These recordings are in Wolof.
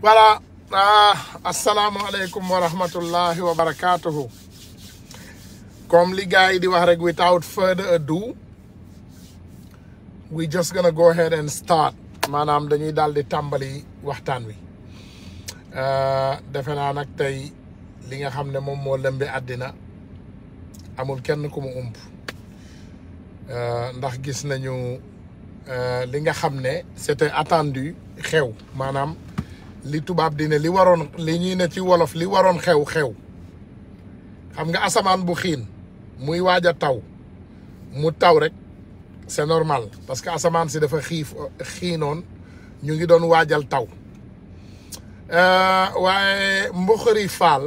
voilà ah asalaamualeykum wa rahmatullahi wa barakatuhu comme li yi di wax rek without further ado we just gonna go ahead and start maanaam dañuy daal di tàmbali waxtaan wi ah, defe naa nag tey li nga xam ne moom moo lëmbi àddina amul kenn ku mu ump ah, ndax gis nañu ah, li nga xam ne c'était attendu xew maanaam li tubaab di ne li waroon li ñuy ne ci wolof li waroon xew-xew xam nga asamaan bu xiin muy waaj a taw mu taw rek c'est normal parce que asamaan si dafa xiif xiinoon ñu ngi doon waajal taw euh, waaye mboxari faal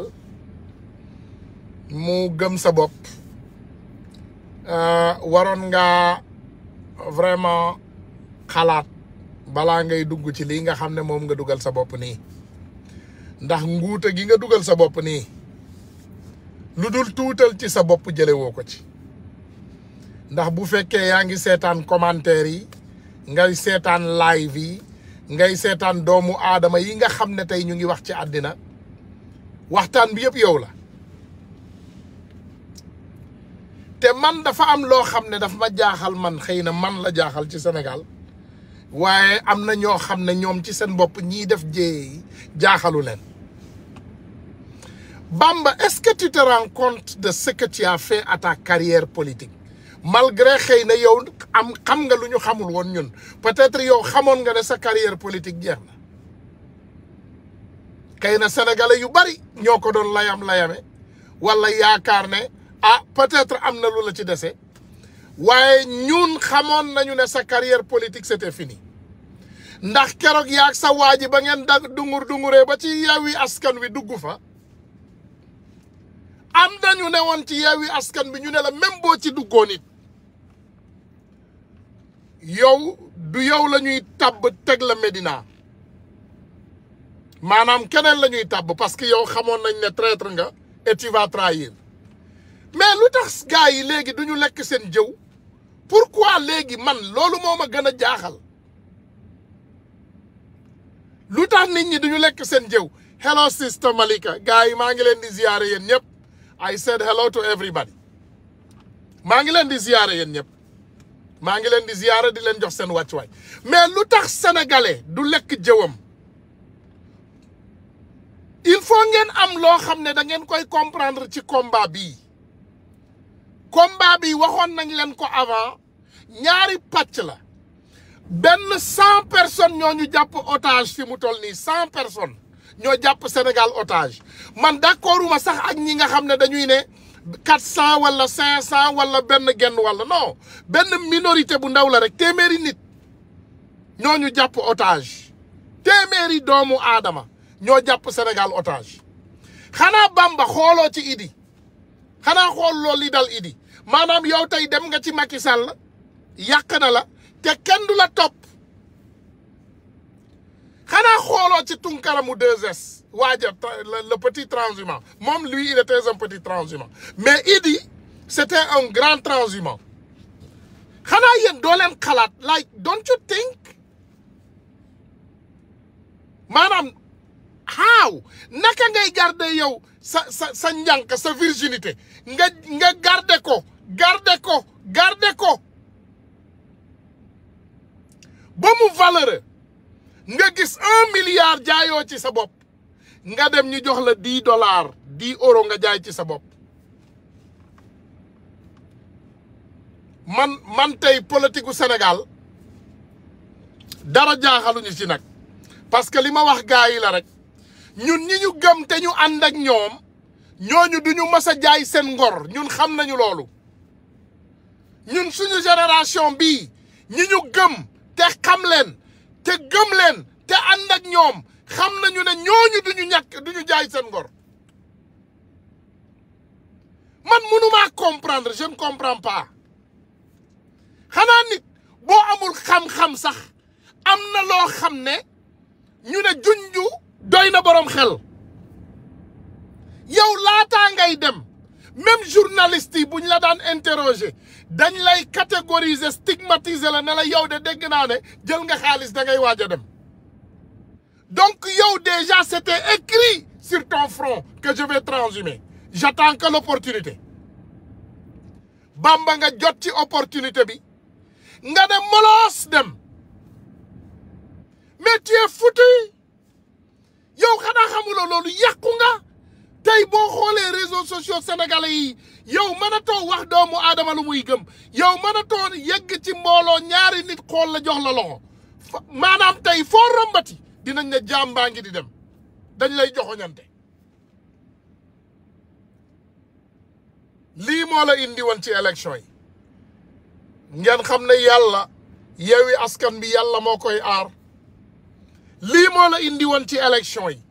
mu gëm sa bopp euh, waroon nga vraiment xalaat balaa ngay dugg ci lii nga xam ne moom nga dugal sa bopp nii ndax nguuta gi nga dugal sa bopp nii lu dul tuutal ci sa bopp jëlewoo ko ci ndax bu fekkee yaa ngi seetaan commentaire yi ngay seetaan live yi ngay seetaan doomu aadama yi nga xam ne tey ñu ngi wax ci àddina waxtaan bi yëpp yow la te man dafa am loo xam ne daf ma jaaxal man xëy na man la jaaxal ci senegal waaye am na ñoo xam ne ñoom ci seen bopp ñiy def jéey jaaxalu leen Bamba est-ce que tu te rends de ce que tu as fait à ta carrière politique malgré xëy na yow am xam nga lu ñu xamul woon ñun peut-être yow xamoon nga ne sa carrière politique jeex na xëy na sénégalais yu bari ñoo ko doon layam layame wala yaakaar ne ah peut-être am na lu la ci dese waaye ñun xamoon nañu ne sa carrière politique c'était ndax keroog yaag sa waa ji ba ngeen da dungur dunguree ba ci Yewwi Askan Wi dugg fa am dañu ne woon ci Yewwi Askan Wi ñu ne la même ci duggoon it yow du yow lañuy ñuy tàbb teg la Médina maanaam keneen la ñuy tàbb parce que yow xamoon nañ ne traître nga et tu vas trahir lu tax gars yi léegi duñu lekk seen jëw pourquoi léegi man loolu moo ma gën a jaaxal lu tax nit ñi duñu lekk seen jëw hello sister Malika gars yi maa ngi leen di ziyaare yen ñëpp I said hello to everybody maa ngi leen di ziyaare yéen ñëpp maa ngi leen di ziyaare di leen jox seen wàccuwaay mais lu tax sénégalais du lekk jëwam il faut ngeen am loo xam ne da ngeen koy comprendre ci komba bii komba bi waxoon nañ leen ko avant ñaari pàcc la benn cent personnes ñoo ñu jàpp otage fi mu toll nii cent personnes ñoo jàpp Sénégal otage man d'accorduma sax ak ñi nga xam ne dañuy ne quatre cent wala cinq cent wala benn genn walla non benn minorité bu ndaw la rek téeméeri nit ñoo ñu jàpp otage téeméeri doomu aadama ñoo jàpp Sénégal otage xanaa Bamba xooloo ci Idi xanaa xool loolu li dal Idi maanaam yow tey dem nga ci Macky Sall yàq na la te kenn du la topp xanaa xooloo ci tunkaramu 2S waaja le petit transhumant moom lui il était un petit transhumant mais Idi c'était un grand transhumant xanaa yéen doo leen xalaat like don't you think maanaam how naka ngay garder yow sa sa sa njànk sa virginité nga nga ko garder ko garder ko ba mu valeureux nga gis un milliard jaayoo ci sa bopp nga dem ñu jox la dix dollars di euros nga jaay ci sa bopp man mantey tey senegal dara jaaxaluñu ci nag parce que li ma wax gaa yi la rek ñun ñi ñu gëm te ñu ànd ak ñoom ñooñu duñu mës a jaay seen ngor ñun xam nañu loolu ñun suñu génération bi ñi ñu gëm te xam leen te gëm leen te ànd ak ñoom xam nañu ne ñooñu duñu ñàkk duñu jaay seen ngor man mënumaa comprendre je ne comprends pas xanaa nit boo amul xam-xam sax am na loo xam ne ñu ne junju doy na boroom xel yow laata ngay dem même journaliste yi bu ñu la daan interroger dañu lay catégoriser stigmatiser la nela yow de dégg naa ne jël nga xaalis da ngay waaj a dem donc yow déjà c'était écrit sur ton front que je vais transhumer j'attends que l'opportunité bamba nga jot ci opportunité bi nga ne moloos dem mais tu yow xanaa xamuloo loolu yàqu nga tey boo xoolee réseaux sociaux sénégalais yi yow mënatoo wax doomu aadama lu muy gëm yow mënatoo yegg ci mbooloo ñaari nit xool la jox la loxo maanaam tey foo rombati dinañ ne jàmbaa ngi di dem dañ lay joxoñante lii moo la indi woon ci élection yi ngeen xam ne yàlla yewi askan bi yàlla moo koy aar lii moo la indi woon ci élection yi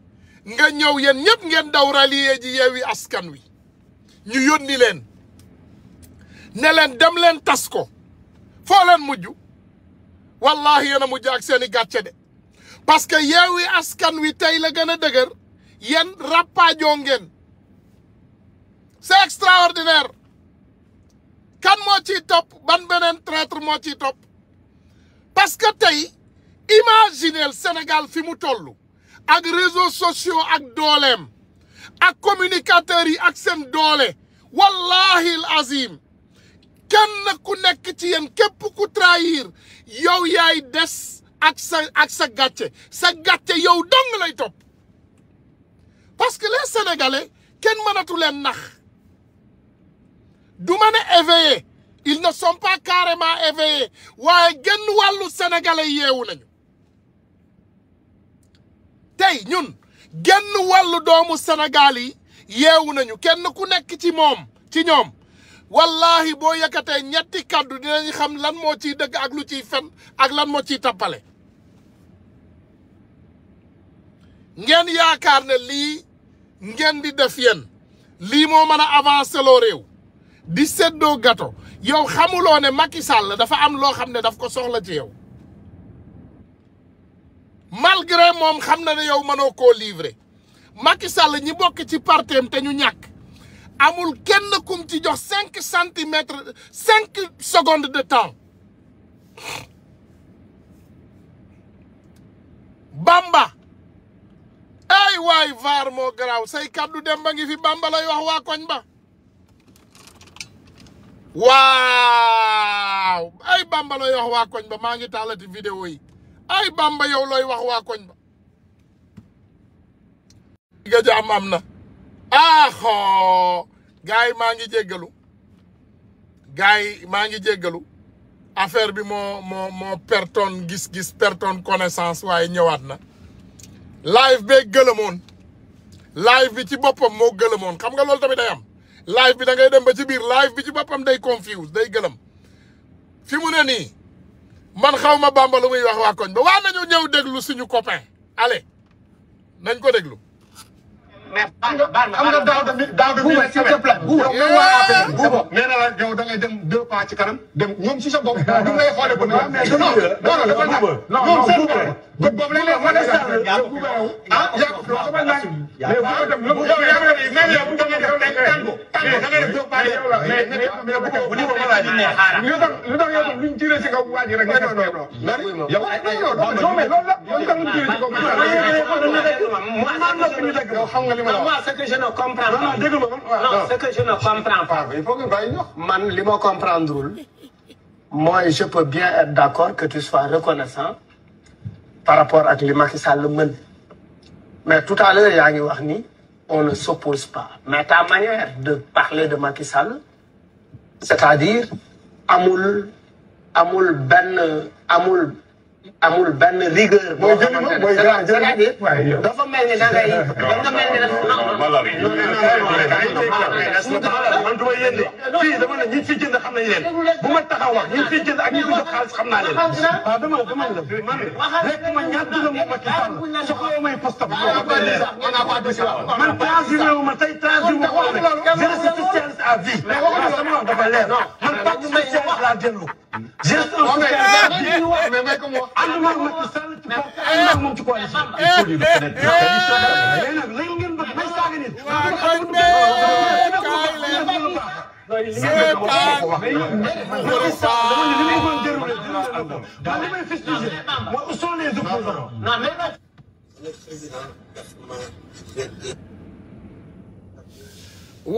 nga ñëw yéen ñëpp ngeen daw rallier ji Yewwi Askan Wi ñu yónni leen ne leen dem leen tas ko foo leen mujj wallahi yéen a mujj ak seen gàcce de parce que Yewwi Askan Wi tey la gën a dëgër yéen rappajoo ngeen c'est extraordinaire kan moo ciy topp ban beneen traître moo ciy topp parce que tey imaginez Sénégal fi mu tollu ak réseaux sociaux ak dooleem ak communicateurs yi ak sen doole wallahi al azim kenn ku nekk ci yéen képp ku trahir yow yay des ak sa ak sa gàcce sa gàcce yow dong lay topp parce que les kenn mënatu leen nax du mën a éveillé ils ne sont pas carrément éveillés waaye genn wàllu sénégalais yeewu nañu tey ñun genn wàllu doomu Sénégal yi yeewu nañu kenn ku nekk ci moom ci ñoom wallahi boo yëkkatee ñetti kàddu dinañ xam lan moo ciy dëgg ak lu ciy fen ak lan moo ciy tappale ngeen yaakaar ne lii ngeen di def yéen lii moo mën a avancer loo réew di seddoo gato yow xamuloo ne Macky Sall dafa am loo xam ne daf ko soxla ci yow malgré moom xam na ne yow mënoo koo livrer Macky Sall ñi bokk ci partem te ñu ñàkk amul kenn kum ci jox cinq centimètres cinq secondes de temps Bamba ay waay vaar moo garaaw say kàddu dem ba ngi fi Bamba lay waa koñ ba waaw ay Bamba lay wax waa koñ ba maa ngi taalati vidéo yi ay bamba yow looy wax waa koñ ba ga jaam am na aaxo ah, gars yi maa ngi jéggalu gars yi maa ngi jéggalu affaire bi moo moo moo pertoon gis-gis perton connaissance waaye ñëwaat na live bee gëlëmoon live bi ci boppam moo gëlëmoon xam nga loolu tamit day am live bi da ngay dem ba ci biir live bi ci boppam day confuse day gëlëm fi mu ne nii man xaw ma bàmba lu muy wax waa koñ ba waa nañu ñëw déglu suñu copain allez nañ ko déglu mais xam nga daaw da daaw da buuba s'il te plaît buuba buuba nee na la yow da ngay dem deux pas ci kanam dem ñoom si sa bopp du ngay xoolee bu non non non non bët boobu la ma ne sàll ah yàqu loo xam ne mais buuba dem lu yow yaa ngi même yow da ngay def teg tàngo tàngo da ngay def deux pas mais mais bu ni ko ma laaj ne xaara lu tax lu tax yow tam luñ tiiree si kaw waa ji rek nga def non non yow non mais loolu la lu tax luñ tiiree si kaw waa ji rek li ma la wax ce que je ne comprends pas. non ce que je ne ah, comprends pas. il faut que bàyyi ñox. man li ma comprendrewul mooy je peux bien être d'accord que tu sois reconnaissant par rapport ak li Macky Sall mën mais tout à l'heure yaa ngi wax ni on ne s'oppose pas mais ta manière de parler de Macky Sall c'est-à-dire amul amul benn amul. amul benn rigueur. boo xamante ne c'est-à-dire dafa mel ni da ngay dafa mel ni da fii dama ne ñi fi jënd xam nañ leen bu ma taxaw wax ñi fi jënd ak ñi fi jox xaalis xam naa leen waaw dama la dama la man rek ma ñaata la moom ak itam soxla may poste am. man transhumé wu ma tey transhumé wu ma je suis spécialiste à vie. sama wax dafa leer man pas spécialiste laa dellu geste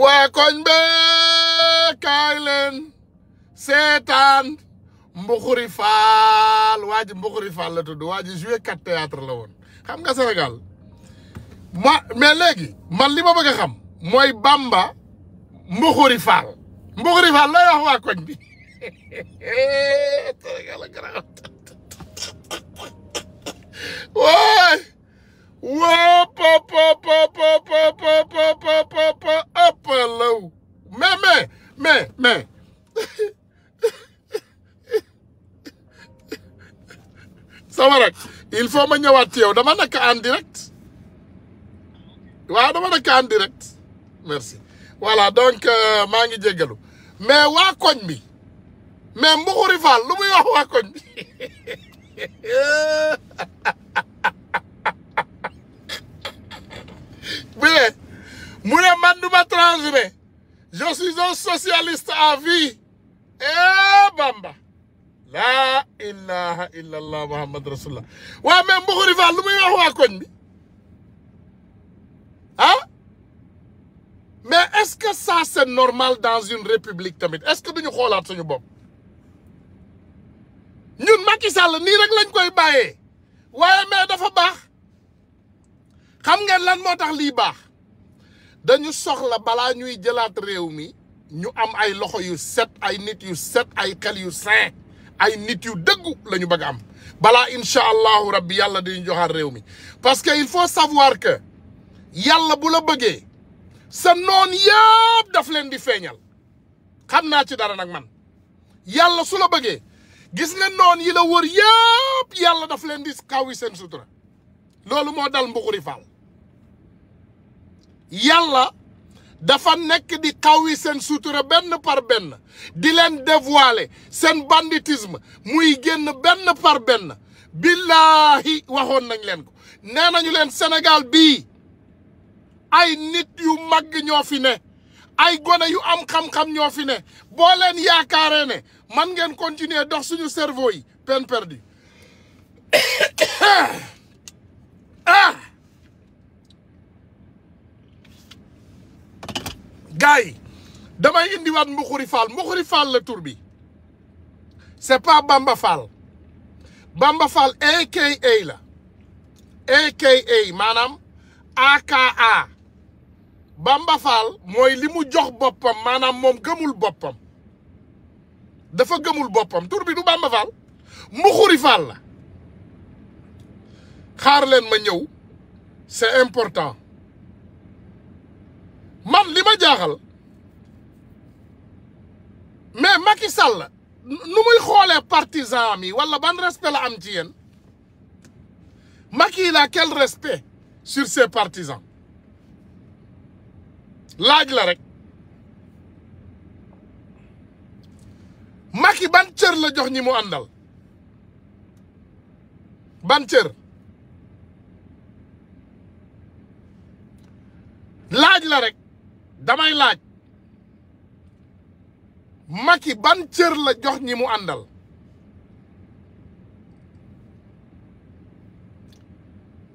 waa koñ be kaay leen Mbuxuri Faal waa Mbuxuri Faal la tudd waa ji kat théâtre la woon xam nga Sénégal ma mais léegi man li ma bëgg a xam mooy Bamba Mbuxuri Faal Mbuxuri Faal lay wax waa koñ bi Sénégal waa papa papa papa papa papa apalaw mais mais mais mais sama rak il faut ma ñëwaat ci yow dama nekk en direct waaw dama nekk en direct merci voilà donc euh, maa ngi jéggalu mais waa koñ bi mais Mbuxuri Fall lu muy wax waa koñ bi bu ne mu ne man du ma transhumé je suis un socialiste à vie eh, Bamba laa ilaha illa allah muhammad rasulullah waaw mais Mbuxuri Fall lu muy wax waa koñ bi ah mais est-ce que ça normal dans une république tamit est-ce que duñu xoolaat suñu bopp ñun Macky Sall nii rek lañ koy bàyyee waaye mais dafa baax xam ngeen lan moo tax lii baax dañu soxla balaa ñuy jëlaat réew mi ñu am ay loxo yu set ay nit yu set ay xel yu sain ay nit yu dëggu la ñu bëgg am balaa incha allahu rabbi yàlla dañu joxaat réew mi parce que il faut savoir que yàlla bu la bëggee sa noon yëpp daf leen di feeñal xam naa ci dara nag man yàlla su la bëggee gis ne noon yi la wër yëpp yàlla daf leen di yi seen sutura loolu moo dal mbuxuri faal yàlla dafa nekk di yi seen sutura benn par benn di leen dévoiler seen banditisme muy génn benn par benn billaahi waxoon nañ leen ko nee nañu leen Sénégal bii ay nit yu màgg ñoo fi ne ay gone yu am xam-xam ñoo fi ne boo leen yaakaaree ne man ngeen continuer dox suñu servo yi peine perdue ah, ah! gars yi damay indiwaat Mbuxuri Fall Mbuxuri Fall la tur bi c'est pas Bamba Fall Bamba Fall aka la aka maanaam aka Bamba Fall mooy li mu jox boppam maanaam moom gëmul boppam dafa gëmul boppam tur bi du Bamba Fall Mbuxuri Fall la xaar ma ñëw c'est important man li ma jaaxal mais maki Sall nu muy xoolee partisan am yi wala ban respect la am ci yéen Macky il a quel sur ses partisans laaj la rek Macky ban cër la jox ñi mu àndal ban cër laaj la rek damay laaj maki ban cër la jox ñi mu àndal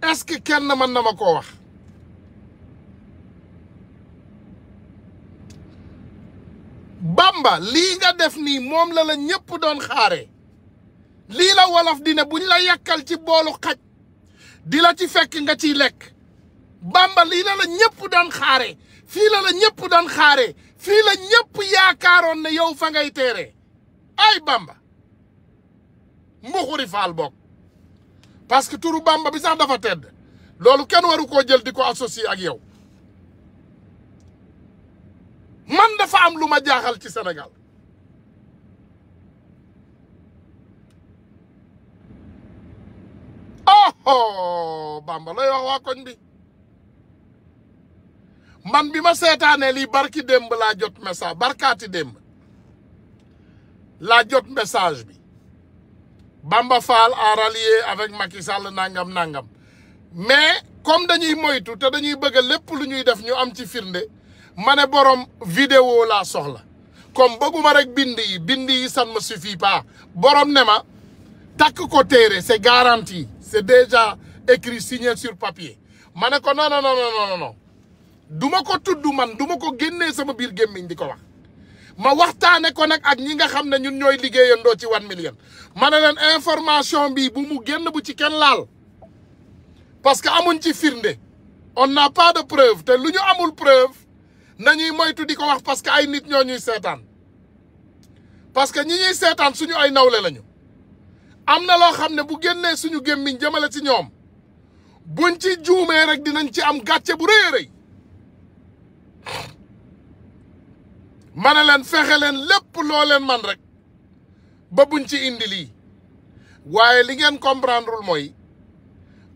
est kenn man na ma koo wax Bamba lii nga def nii moom la la ñëpp doon xaare lii la wolof di ne buñ la yàkkal ci boolu xaj di la ci fekk nga ciy lekk Bamba lii la la ñëpp doon xaare fii la la ñëpp doon xaaree fii la ñëpp yaakaaroon ne yow fa ngay teeree ay bamba mbuxuri faal bokk parce que turu bamba bi sax dafa tedd loolu kenn waru koo jël di ko associé ak yow man dafa am lu ma jaaxal ci senegal oh oh bamba lay wax waa koñ bi man bi ma seetaanee lii barki démb laa jot message barkaati démb laa jot message bi Bamba Fall a rallié avec Macky Sall nangam nangam mais kom dañuy moytu te dañuy bëgg lépp lu ñuy def ñu am ci firnde ma ne borom vidéo laa soxla comme bëgguma rek bind yi bind yi ça ne me borom ne ma takk ko téere c'est garanti c'est déjà écrit signé sur papier ma ne ko non non non du ma ko tudd man du ma ko génnee sama biir gémmiñ di ko wax ma waxtaane ko nag ak ñi nga xam ne ñun ñooy liggéeyandoo ci one million ma ne leen information bi bu mu génn bu ci kenn laal parce que amuñ ci firnde on n'a pas de preuve te lu ñu amul preuve nañuy moytu di ko wax parce que ay nit ñoo ñuy seetaan parce que ñi ñuy seetaan suñu ay nawle lañu am na loo xam ne bu génnee suñu gémmiñ jëmale ci ñoom buñ ci juumee rek dinañ ci am gàcce bu rëy rëy ma ne leen fexe lépp loo leen man rek ba buñ ci indi lii waaye li ngeen comprendrewul mooy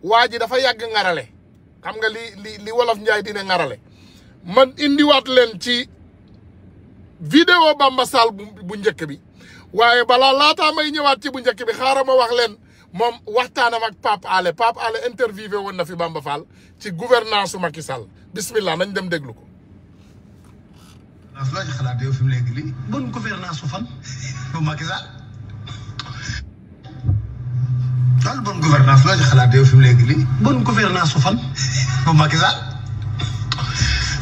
waa ji dafa yàgg ngarale xam nga li li li wolof njaay dina ngarale man indiwaat leen ci video Bamba Sall bu njëkk bi waaye balaa laataa may ñëwaat ci bu njëkk bi xaaral ma wax leen moom waxtaanam ak Pape Alé Pape Alé interviewé woon na fi Bamba Fall ci gouvernance su Macky Sall bismillah nañ dem déglu ko loo ci xalaat yow fi mu léegi lii bonne gouvernance su fan bu Macky Sall loolu bonne gouvernance loo ci xalaat yow fi mu léegi lii bonne gouvernance su fan bu Macky Sall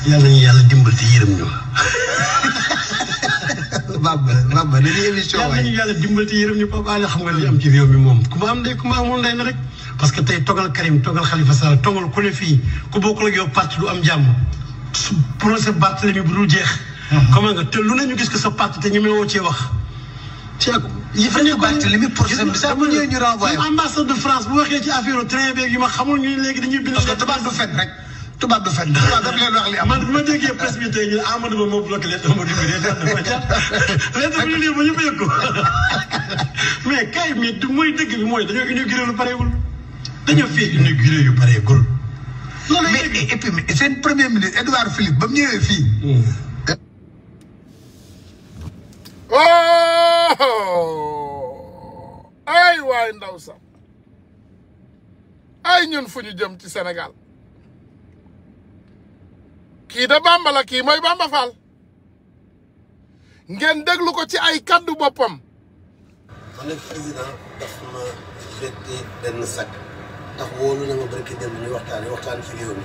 yal nañu yàlla dimbal te yërëm ñu Baba Baba dañuy émission waay yal nañu yàlla dimbal te yërëm ñu Papa Alé xam nga li am ci réew mi moom ku ma am ndey ku ma amul ndey na rek parce que tey togal Karim togal Khalifa Sall togal ku ne fii ku bokkul ak yow parti du am jàmm procès Barthélemy bu dul jeex Mhm. comment nga te lu ne ñu gis ko sa parti te ñu may woo cee wax. ci ak yi fa ñu li muy procès bi sax bu ñëwee ñu renvoyé ambassade de France bu waxee ci affaire train beeg yu ma xamul ñu léegi dañuy bind. parce que tubaab du fen rek. tubaab du fen tubaab daf leen wax bu ma déggee presse bi tey ñu ne Amadou Ba moo bloqué leen dama dimbali leen dama ba ñëpp yëg ko mais kay mi du mooy lu pareegul dañoo fee inauguré yu pareegul. loolu premier ministre Edouard Philippe ba mu ñëwee oh ay waay ndaw sa ay ñun fu ñu jëm ci senegal kii da Bamba la kii mooy Bamba ngeen déglu ko ci ay kàddu boppam. ma ne président daf ma betti benn sakk ndax wóolu na ma barki dem ñu waxtaan waxtaan ci réew mi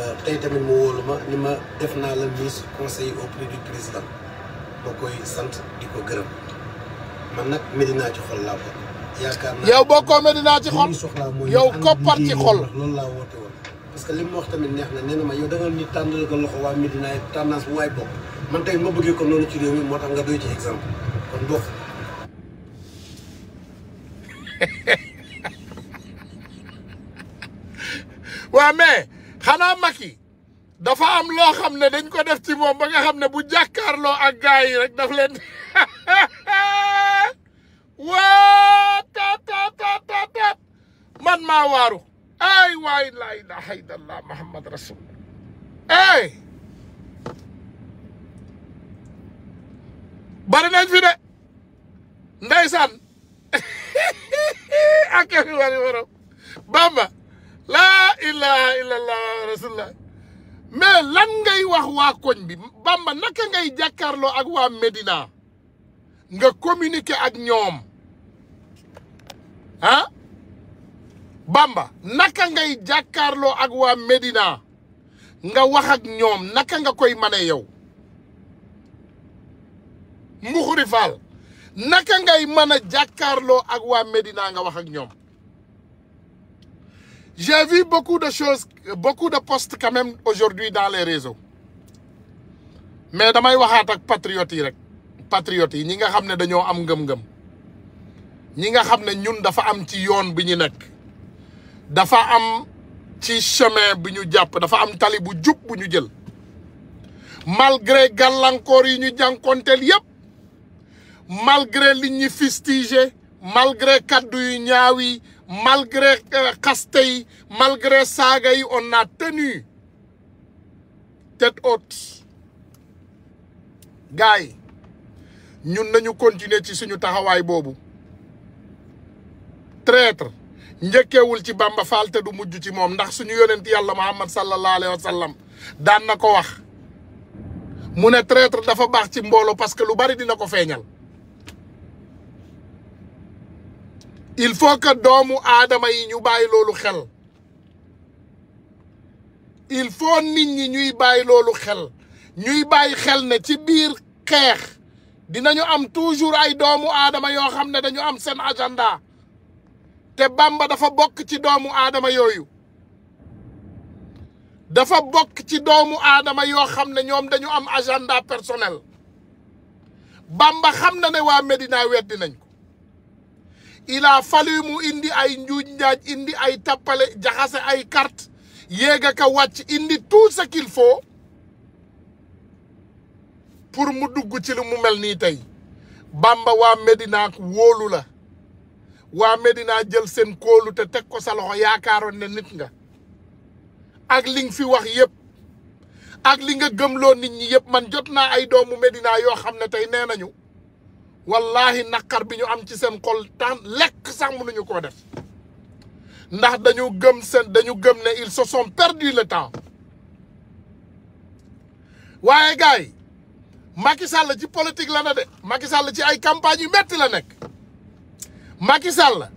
euh, tey tamit mu wóolu ma ni ma def naa la mise conseil auprès du président. ba koy sant di ko gërëm man nag Medina ci xol laa bokk. yaakaar boo yow bokkoo Medina ci xol yow koppar ci xol. loolu laa parce que li mu wax tamit neex na nee na ma yow da nga ni tàndal ko loxo waa Medina yi tendance bu waay bokk man tey ma bëggee ko noonu ci réew mi moo tax nga doy ci exemple kon bokk. waa mais xanaa Macky dafa am loo xam ne dañ ko def ci moom ba nga xam ne bu jàkkaarloo ak gars yi rek daf leen waa tat tat tat tat man maa waaru ay waay laa ilaha illallah muhammad rasulullah ay bari nañ fi de ndeysaan ak fi wari waro bamba laa ilaha illallah rasulullah mais lan ngay wax waa koñ bi Bamba naka ngay jàkkaarloo ak waa Médina nga communiquer ak ñoom ah Bamba naka ngay jàkkaarloo ak waa Médina nga wax ak ñoom naka nga koy mane yow Mbuxuri Fall naka ngay mën a jàkkaarloo ak waa Médina nga wax ak ñoom J'ai vu beaucoup de choses, beaucoup de postes quand même aujourd'hui dans les réseaux. Mais damay waxaat ak patriotes yi rek patriotes yi ñi nga xam ne dañoo am ngëm-ngëm ñi nga xam ne ñun dafa am ci yoon bi ñu nekk dafa am ci chemin bi ñu jàpp dafa am tali bu jub bu ñu jël malgré gàllankoor yi ñu jànkonteel yépp malgré li ñu malgré kaddu yu ñaaw yi malgré euh, xaste yi malgré saaga yi on a tenu tête haute gars yi ñun nañu continuer ci suñu taxawaay boobu traître njëkkeewul ci Bamba Fall du mujj ci moom ndax suñu yonent yàlla Muhammad sallallahu alayhi wa sallam daan na ko wax mu ne traître dafa baax ci mbooloo parce que lu bari dina ko feeñal il faut que doomu aadama yi ñu bàyyi loolu xel il faut nit ñi ñuy bàyyi loolu xel ñuy bàyyi xel ne ci biir xeex dinañu am toujours ay doomu aadama yoo xam ne dañu am seen agenda te Bamba dafa bokk ci doomu aadama yooyu dafa bokk ci doomu aadama yoo xam ne ñoom dañu am agenda personnel Bamba xam na ne waa Medina weddi nañ il a mu indi ay njuuj njaaj indi ay tappale jaxase ay kart yéeg a ka wàcc indi tout ce qu'il pour mu dugg ci lu mu mel nii tey Bamba waa Medina wóolu la waa medinaa jël seen kóolu te teg ko sa loxo yaakaaroon ne nit nga ak li nga fi wax yépp ak li nga gëmloo nit ñi yëpp man jot naa ay doomu Medina yoo xam ne tey nee nañu wallahi naqar bi ñu am ci seen xol tan lekk sax mënuñu koo def ndax dañu gëm seen dañu gëm ne ils se perdu le temps waaye gars yi Macky ci politique la na de Macky ci ay campagne yu metti la nekk Macky Sall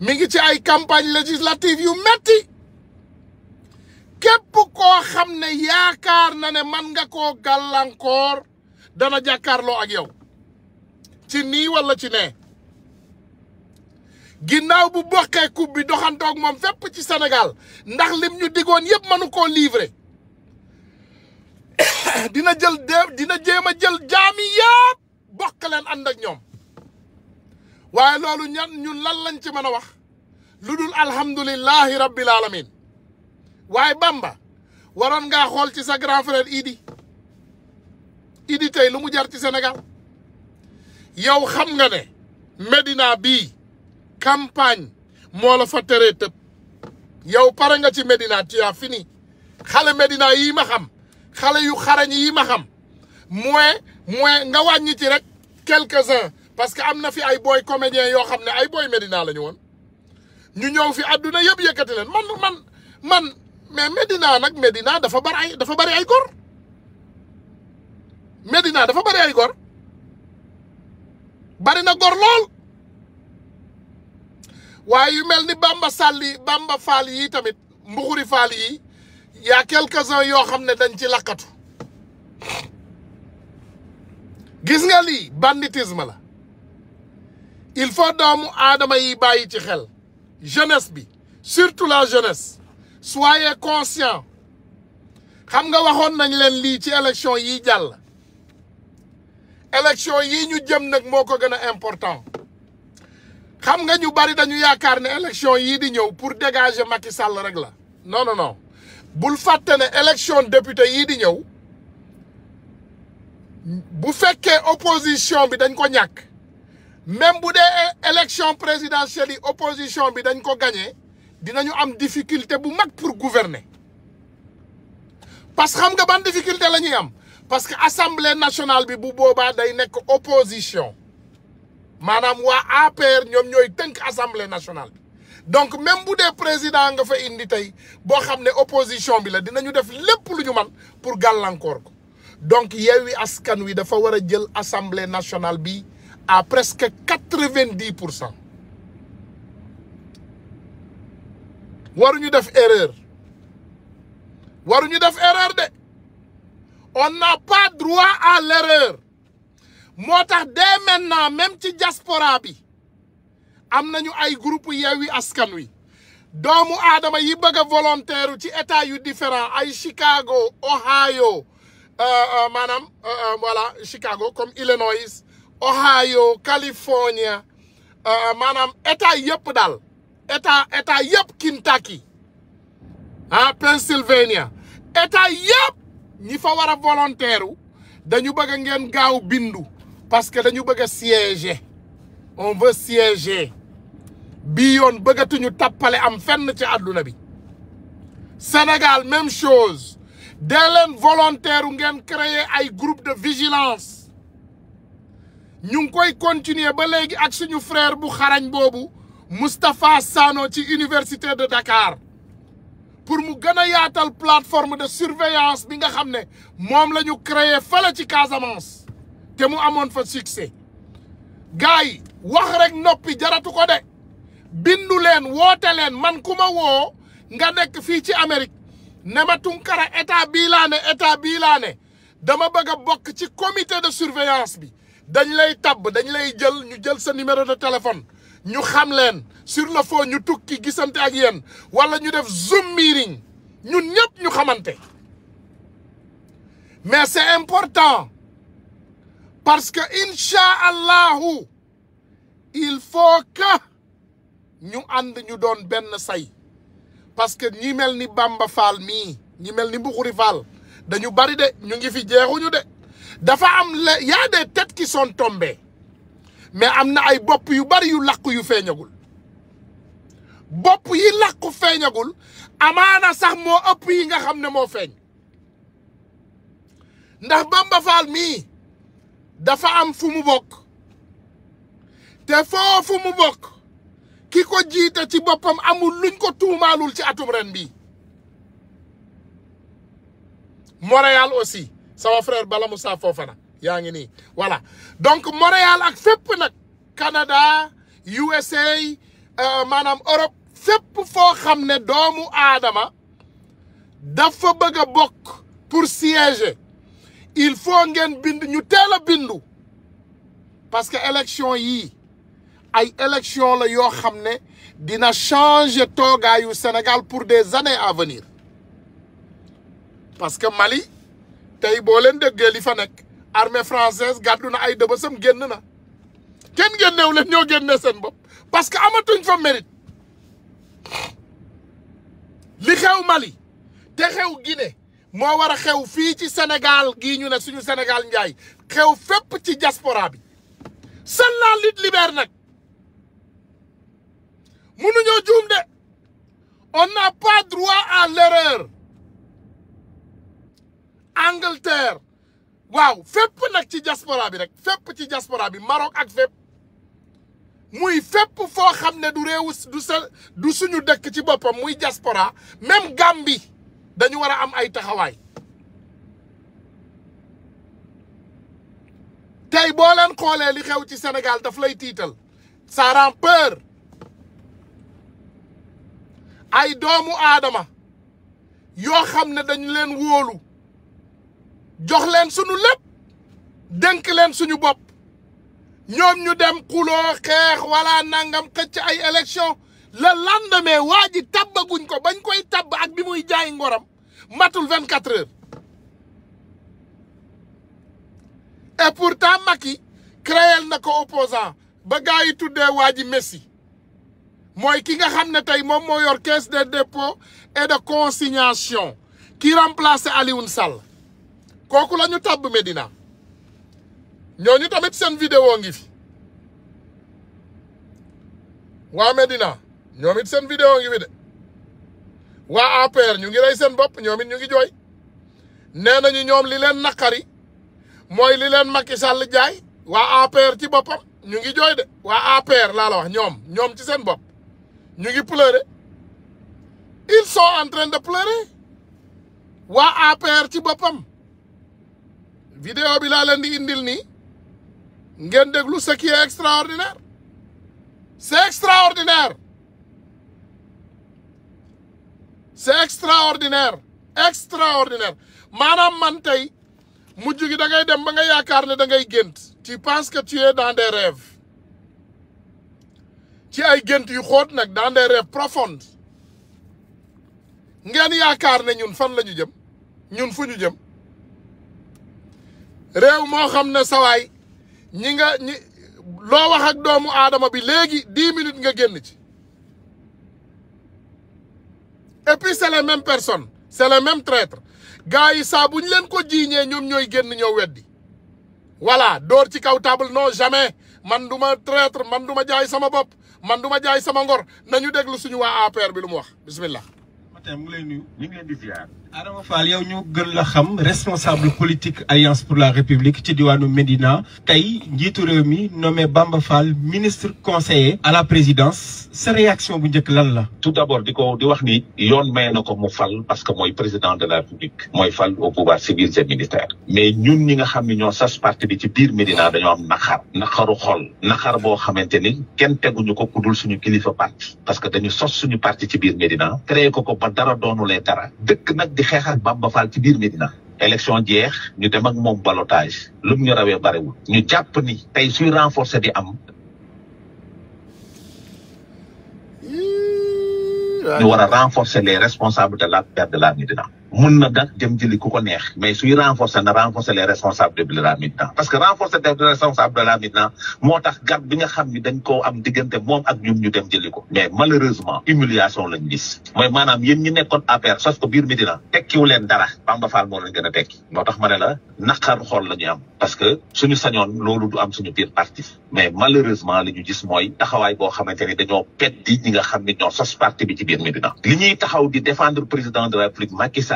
mi ngi ci ay campagne législative yu metti képp koo xam ne yaakaar na ne man nga koo gàllankoor dana jàkkaarloo ak yow ci nii wala ci nee ginnaaw bu bokkee coupe bi doxantoog moom fépp ci Sénégal ndax lim ñu digoon ma mënu koo livrer dina jël dina jéem a jël jaami yëpp bokk leen ànd ak ñoom waaye loolu ñan ñu lan lañ ci mën a wax lu dul alhamdulillahi rabbil alamin waaye Bamba waroon ngaa xool ci sa grand frère Idi Idi tey lu mu jar ci senegal yow xam nga ne Medina bii campagne moo la fa teree tëb yow pare nga ci Medina tu as fini xale Medina yii ma xam xale yu xarañ yii ma xam moins moins nga wàññi ci rek quelques-uns parce que am na fi ay booy comédiens yoo xam ne ay booy Medina la ñu woon ñu ñëw fi àdduna yëpp yëkkati leen man man man mais Medina nag Medina dafa bari ay dafa bari ay gor Medina dafa bari ay gor. bari na gor lool waaye yu mel ni Bamba Sall yi Bamba Fall yi tamit mbuxuri Fall yi y'a quelques-uns yoo xam ne dañ ci lakkatu gis nga lii banditisme la il faut doomu aadama yi bàyyi ci xel jeunesse bi surtout la jeunesse soyez conscient xam nga waxoon nañ leen lii ci élection yi jàll élection yii ñu jëm nag moo ko gën a important xam nga ñu bari dañu yaakaar ne élection yii di ñëw pour dégager Macky Sall rek la noonu non bul fàtte ne élection député yii di ñëw bu fekkee opposition bi dañ ko ñàkk même bu dee élection présidentielle yi opposition bi dañ ko gagné dinañu am difficulté bu mag pour gouverner parce que xam nga ban difficulté la ñuy am parce que assemblée nationale bi bu boobaa day nekk opposition maanaam waa APR ñoom ñooy tënk assemblée nationale bi donc même bu dee président nga fa indi tey boo xam ne opposition bi la dinañu def lépp lu ñu man pour gàllankoor ko donc Yewwi Askan Wi dafa war a jël assemblée nationale bi à presque quatre-vingt-dix pour cent waruñu def erreur waruñu def de on n'a pas droit à l'erreur moo tax dès maintenant même ci diaspora bi am nañu ay groupe Yewwi Askan Wi doomu aadama yi bëgg a volontaire ci état yu différent ay Chicago Ohio euh, euh, maanaam euh, voilà Chicago comme Illinois Ohio California maanaam état yëpp daal état état yëpp Kentucky ah Pennsylvania état yëpp ñi fa war a volontaire dañu bëgg ngeen gaaw bindu parce que dañu bëgg a siéger on veut siéger yoon bëggatuñu tappale am fenn ci àdduna bi Sénégal même chose dee leen volontaire ngeen créer ay groupe de vigilance ñu ngi koy continuer ba léegi ak suñu frère bu xarañ boobu Moustapha Sano ci université de Dakar pour mu gën a yaatal plateforme de surveillance bi nga xam ne moom la ñu créé fële ci Casamance te mu amoon fa succès gars yi wax rek noppi jaratu ko de bindu leen woote man ku ma woo nga nekk fii ci Amérique ne ma Tunkara état bii laa ne état bii laa ne dama bëgg bokk ci comité de surveillance bi dañ lay tabb dañ lay jël ñu jël sa numéro de téléphone ñu xam leen sur le fond ñu tukki gisante ak yéen wala ñu def zoom meeting ñun ñëpp ñu xamante mais c'est important parce que incha allahu il faut que ñu ànd ñu doon benn say parce que ñi mel ni Bamba Fall mii ñi mel ni Mbuxuri Fall dañu bari de ñu ngi fi jeexuñu de dafa am la y a des têtes qui mais am na ay bopp yu bari yu làqu yu feeñagul bopp yi làqu feeñagul amaana sax moo ëpp yi nga xam ne moo feeñ ndax Bamba Fall mii dafa am fu mu bokk te fu mu bokk ki ko jiite ci boppam amul luñ ko tuumaalul ci atum ren bii Montréal aussi sama frère Bala Moussa Fofana yaa ngi nii voilà donc Montréal ak fépp nag Canada USA euh, maanaam Europe fépp foo xam ne doomu aadama dafa bëgg bokk pour siéger il faut ngeen bind ñu teel a bindu parce que élection yii ay élection la yoo xam ne dina changer toogaayu Sénégal pour des années à venir parce que Mali te boo leen déggee li fa nekk armée française gàddu na ay dëbësam génn na kenn génnewu leen ñoo génne seen bopp parce que amatuñ fa mérite li xew Mali te xew Guinée moo war a xew fii ci Sénégal gii ñu ne suñu senegal njaay xew fépp ci diaspora bi seul la lutte libère nag mënuñoo juum de on n'a pas droit à l'erreur Angleterre waaw fépp nag ci diaspora bi rek fépp ci diaspora bi Maroc ak fépp muy fépp foo xam ne du réew du suñu dëkk ci boppam muy diaspora même Gambie dañu war a am ay taxawaay tey boo leen xoolee li xew ci Sénégal daf lay tiital ça rend ay doomu aadama yoo xam ne dañu leen wóolu jox leen sunu lépp dénk leen suñu bopp ñoom ñu dem xuloo xeex wala nangam xëcc ay élection la lendemain waa ji tabbaguñ ko bañ koy tàbb ak bi muy jaay ngoram matul vingt quatre heures et pourtant Macky na ko opposant ba gars yi tuddee waa ji Messi mooy ki nga xam ne tey moom moo yor caisse de dépôt et de consignation ki remplacé Alioune Sall kooku la ñu tàbb Medina ñooñu tamit seen vidéo ngi fi waa Medina ñoom seen vidéo ngi fi de waa APR ñu ngi rey seen bopp ñoom it ñu ngi jooy nee nañu ñoom li leen naqari mooy li leen Macky Sall jaay waa APR ci boppam ñu ngi jooy de waa APR laa la ñoom ñoom ci seen bopp ñu ngi pleurer ils sont en train de waa APR ci boppam vidéo bi laa leen di indil nii ngeen déglu ce qui est extraordinaire c'est extraordinaire c'est extraordinaire maanaam man tey mujj gi dangay dem ba nga yaakaar ne dangay gént tu penses que tu es dans des ci ay gént yu xóot nag dans des rêves profondes ngeen yaakaar ne ñun fan la jëm ñun fu ñu jëm réew moo xam ne sawaay ñi nga ñi loo wax ak doomu aadama bi léegi dix minutes nga génn ci et puis c'est les mêmes personnes c'est les yi saa bu leen ko jiiñee ñoom ñooy génn ñoo weddi voilà door ci kaw table non jamais man du ma traître man du ma jaay sama bopp man du ma jaay sama ngor nañu déglu suñu waa APR bi lu mu wax bismillah. matin mu ngi lay ñu ngi leen di ziar. Adama Fall yow ñu gën la xam responsable politique alliance pour la république ci diwaanu Médina tey njiitu réew mi nommé Bamba Fall ministre conseiller à la présidence sa réaction bu njëkk lan la. tout d'abord di ko di wax ni yoon may na ko mu fal parce que mooy président de la république. mooy fal au pouvoir civil et militaire. mais ñun ñi nga xam ne ñoo sas parti bi ci biir Médina dañoo am naxar. naxaru xol naxar boo xamante ni kenn teguñu ko ku dul suñu kilifa parti. parce que dañu sos suñu parti ci biir Médina. créé ko ko ba dara doonulee dara dëkk di xeex ak Bamba Fall ci biir Médina élection jeex ñu dem ak moom ballottage lu mu ñu rawee barewul ñu jàpp ni tey suy renforcer di am ñu war a renforcer les responsables de la perte de la Médina mun na dak jëm jëli ko neex mais suy renforcer na renforcer les responsables de la Médina parce que renforcer les responsables de la Médina moo tax garde bi nga xam ni dañ koo am diggante moom ak ñum ñu dem jëli ko mais malheureusement humiliation lañ gis mooy maanaam yéen ñi nekkoon APR sos ko biir Médina tekkiwu leen dara Bamba Fall moo leen gën a ne la xool la am parce que suñu sañoon loolu du am suñu biir parti mais malheureusement li ñu mooy taxawaay boo xamante ni dañoo pet di nga xam ni ñoo sos parti bi ci biir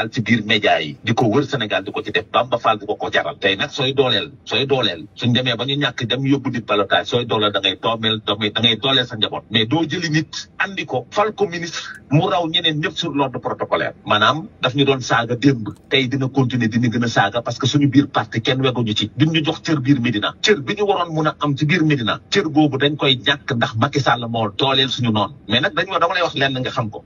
Sénégal ci biir média yi di ko wër Sénégal di ko ci def Bamba Fall di ko ko jaral tey nag sooy dooleel sooy dooleel suñ demee ba ñu ñàkk dem yóbbu nit balotage sooy dooleel da ngay toomeel da ngay sa njaboot mais doo jëli nit andi ko fal ko ministre mu raw ñeneen ñëpp sur l'ordre protocolaire maanaam daf ñu doon saaga démb tey dina continuer dina gën a saaga parce que suñu biir parti kenn weguñu ci duñ ñu jox cër biir Médina cër bi waroon mun a am ci biir Médina cër boobu dañ koy ñàkk ndax Macky Sall moo dooleel suñu noonu mais nag dañ dama wax lenn nga xam ko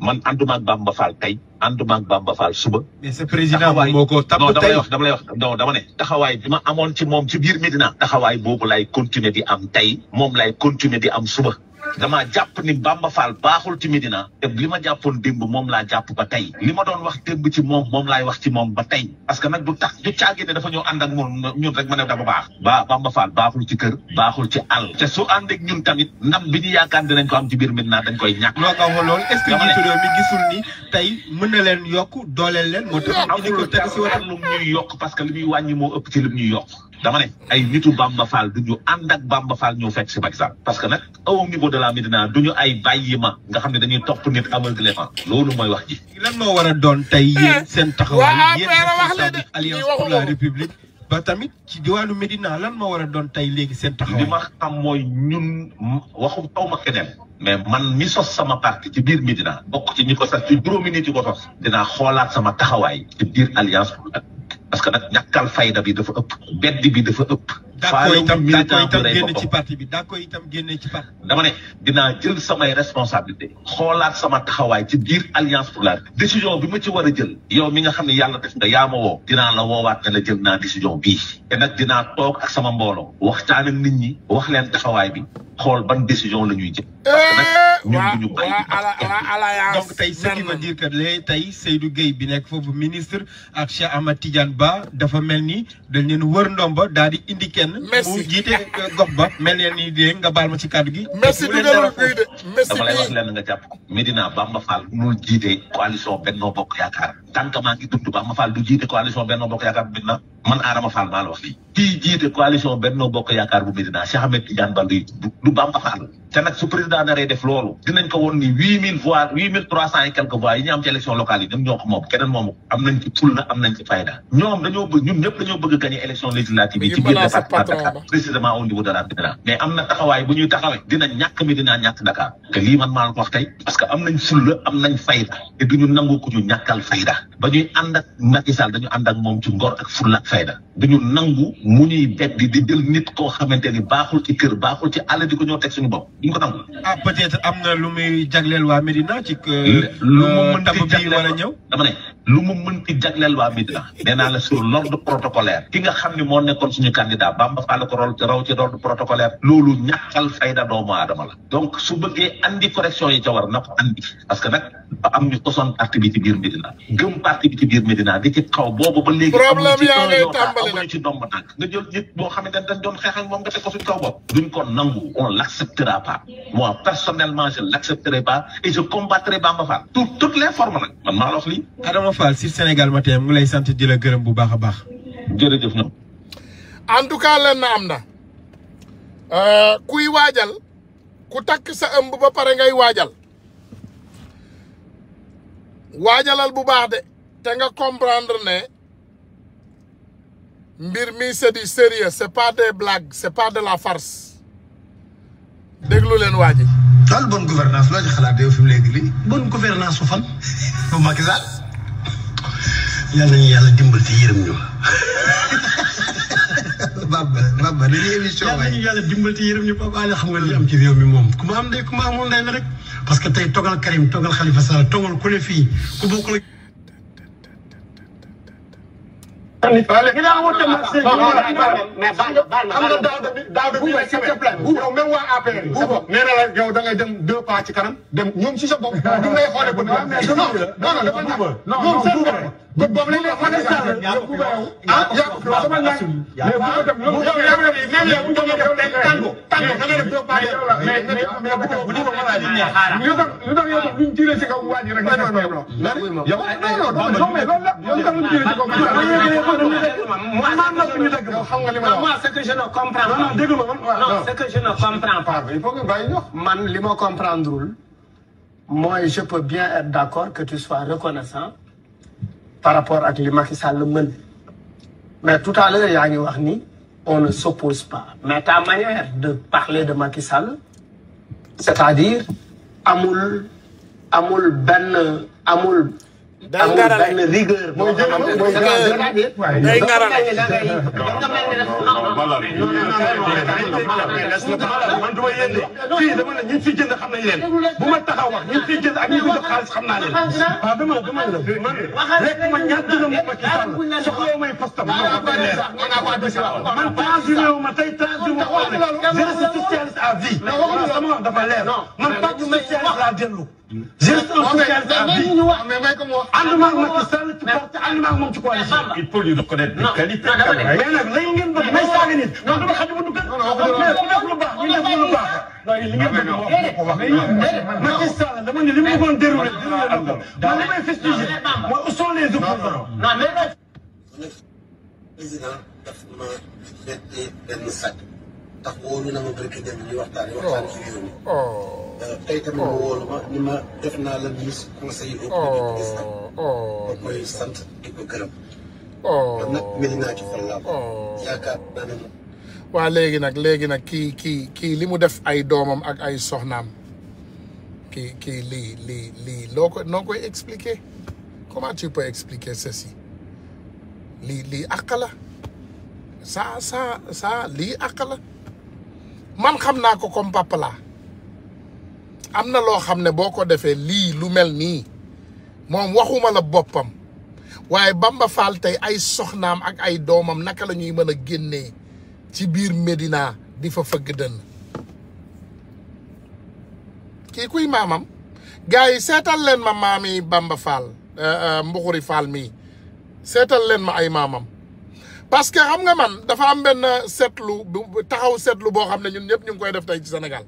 man ànduma ak Bamba Fall tey ànduma ak Bamba Fall suba. mais sa président moo ko tapp non dama lay wax dama lay wax non dama ne. taxawaay bi ma amoon ci moom ci biir Medina. taxawaay boobu lay continuer di am tey moom lay continuer di am suba. damaa jàpp ni Bamba Fall baaxul ci Medina te li ma jàppoon démb moom laa jàpp ba tey li ma doon wax démb ci moom moom laay wax ci moom ba tey parce que nag du tax du dafa ñëw ànd ak moom ñun rek ma ne dafa baax ba Bamba Fall baaxul ci kër baaxul ci àll te su ànd ak ñun tamit ndam bi yaakaan yaakaar dinañ ko am ci biir Medina dañ koy ñàkk loo nga wax loolu est-ce que tey mën na leen yokk dooleel leen moo tax amul lu parce que li muy wàññi moo ëpp ci li ñuy yokk dama ne ay nitu Bamba faal du ñu ànd ak Bamba Fall ñëw fekk si Macky Sall parce que nag au niveau de la Médina du ñu ay bàyyi ma nga xam ne dañuy topp nit aveuglément loolu mooy wax ci lan moo war a doon tey eh, yéen seen taxawaay yéen responsable alliance pour la république ba tamit ci diwaanu Médina lan moo war a doon tey léegi seen taxawaay. li ma xam mooy ñun waxu taw ma keneen. mais man mi sos sama parti ci biir Médina bokk ci ñi ko sos ci juróomi nit yi ko sos. xoolaat sama taxawaay ci biir alliance pour parce que nag ñàkkal fayda bi dafa ëpp beddi bi dafa ëpp. d'accord itam d'accord itam génn parti bi d'accord itam génn ci parti dama ne dinaa jël samay responsabilité xoolaat sama taxawaay ci biir alliance pour la décision bi ma ci war a jël yow mi nga xam ne yàlla def nga yaa ma woo dinaa la woowaat ne la jël naa décision bii te nag dinaa toog ak sama mbooloo waxtaan ak nit ñi wax leen taxawaay bi xool ban décision la ñuy jël ñun du ñu bàyyi parce que donc tey ce qui veut dire que tey Seydou Gueye bi nekk foofu ministre ak Cheikh Ahmad Tidiane Ba dafa mel ni dañ leen wër ndomba daal di indi kenn. mu jiite gox ba mel leen ni de nga baal ma ci kàddu gi. merci du delloo kuy de merci dama lay nga jàpp ko. Medina Bamba Fall mënul jiite coalition Benno Bokk Yaakaar. tant que maa ngi dund Bamba Fall du jiite coalition Benno Bokk Yaakaar bu Medina man Adama Fall maa la wax jiite coalition Benno Bokk Yaakaar bu Medina su président naree def man maa la ko wax parce que am nañ fulla am nañ fayda te duñu nangu ku ñu fayda ba ñuy ànd ak Macky Sall dañu ànd ak moom ci ngor ak fulla ak fayda dañu nangu mu ñuy bett di di jël nit koo xamante ni baaxul ci kër baaxul ci àll di ko ñëw teg suñu bopp duñ ko nangu. ah peut am na lu muy jagleel waa Medina ci. lu mu mën a jagleel wala ñëw dama ne. lu mu mënti jagleel waa Médina nee naa la sur l'ordre protocolaire ki nga xam ni moo nekkoon suñu candidat Bamba Fall ko raw ci l'ordre protocolaire loolu ñàkkal fayda doomu aadama la donc su bëggee andi correction yi ca war na ko andi parce que nag am ñu sosoon parti bi ci biir Médina gëm parti bi ci biir Médina di ci xaw boobu ba léegi problème yaa ngay tàmbali nag ci domb nag nga jël nit boo xam ne dañ doon xeex ak la wax Fall sur Sénégal Matin mu ngi lay sant di gërëm bu baax a baax. jërëjëf na tout cas lenn am na euh, kuy waajal ku takk sa ëmb ba pare ngay waajal waajalal bu baax de te nga comprendre ne mbir mi c'est du sérieux c'est pas des blagues c'est pas de la farce déglu leen waaj ji. daal bonne gouvernance loo ci xalaat yow fi léegi li bonne gouvernance su fan bu Macky yàlla nañu yàlla dimbal ci yërëm ñu. Baba Baba dañuy émission waay yàlla nañu yàlla dimbal ci yërëm ñu Baba Alé xam nga li am ci réew mi moom ku ma am day ku ma amul ndey la rek parce que tey togal Karim togal Khalifa Sall togal ku ne fii ku bokkul ak. mais yow même waa APR nee na la yow da ngay dem deux pas ci kanam dem ñoom si sa bopp. du ngay xoolee ba. non non non non non groupe boobu lañ leen Macky Sall ah yàqu fi waxuma naan mais bu ko def loolu yow yaa ngi def même yow bu ñu ko def tey tàngo tàngo da ngay def doo bàyyi mais mais mais bu ko bu ñu ko mën a ñu xaaral ñu tax ñu tax yow luñ jiile si kaw waa ji rek non non non yow non non non mais loolu la yow tax luñ jiile si kaw Macky Sall man na fi ñu dëgg ma xam nga li ma wax moi ce que je ne comprends pas non dégg ma non ce que je ne comprends pas il faut que bàyyi ñox man li ma comprendrewul mooy je peux bien être d'accord que tu sois reconnaissant par rapport ak li Macky Sall mën mais tout à l'heure yaa ngi wax ni on ne s'oppose pas mais ta manière de parler de Macky Sall c'est-à-dire amul amul benn amul daal ngarale amul benn rigueur boo xamante ne day ngarale. man du ma yéen de fii dama ne ñi fi jënd xam nañ leen bu ma taxaw wax ñi fi jënd ak ñi fi jox xaalis xam naa leen waaw dama la dama la man rek ma ñaar dina mu ma ci sànn soxla may postam ma ko koy leer man transhumé wu ma tey transhumé wu ma je suis socialiste à vie sama wax dafa leer man pas socialiste laa dellu geste socialiste à vie ànduma ak Macky Sall ci parti ànduma ak moom ci coalition. il faut lui reconnaître des qualités. mais nag léegi ngeen bëgg may saaga nit. non dama xam ne bu dugg. mais ku def lu baax ñu def lu baax. li ngeen bëgg wax mais yéen Macky Sall dama ne li mu bëggoon déroulé déroulé ko. man li may festiger mooy où sont les opposants. président daf ma benn sàcc. ndax naa ne ma. waa léegi nag léegi nag kii kii kii li mu def ay doomam ak ay soxnaam kii kii lii lii lii loo ko noo koy expliquer comment tu peux expliquer ceci lii lii àq la lii àq man xam naa ko comme papa am na loo xam ne boo ko defee lii lu mel nii moom waxuma la boppam waaye Bamba Fall tey ay soxnaam ak ay doomam naka la ñuy mën a génnee ci biir Médina di fa fëgg dënn kii kuy maamam gars yi seetal leen ma maami Bamba Fall euh, euh, Mbuxuri Fall mii seetal leen ma ay maamam parce que xam nga man dafa am benn seetlu bu taxaw seetlu boo xam ne ñun ñëpp ñu ngi koy def tey ci Sénégal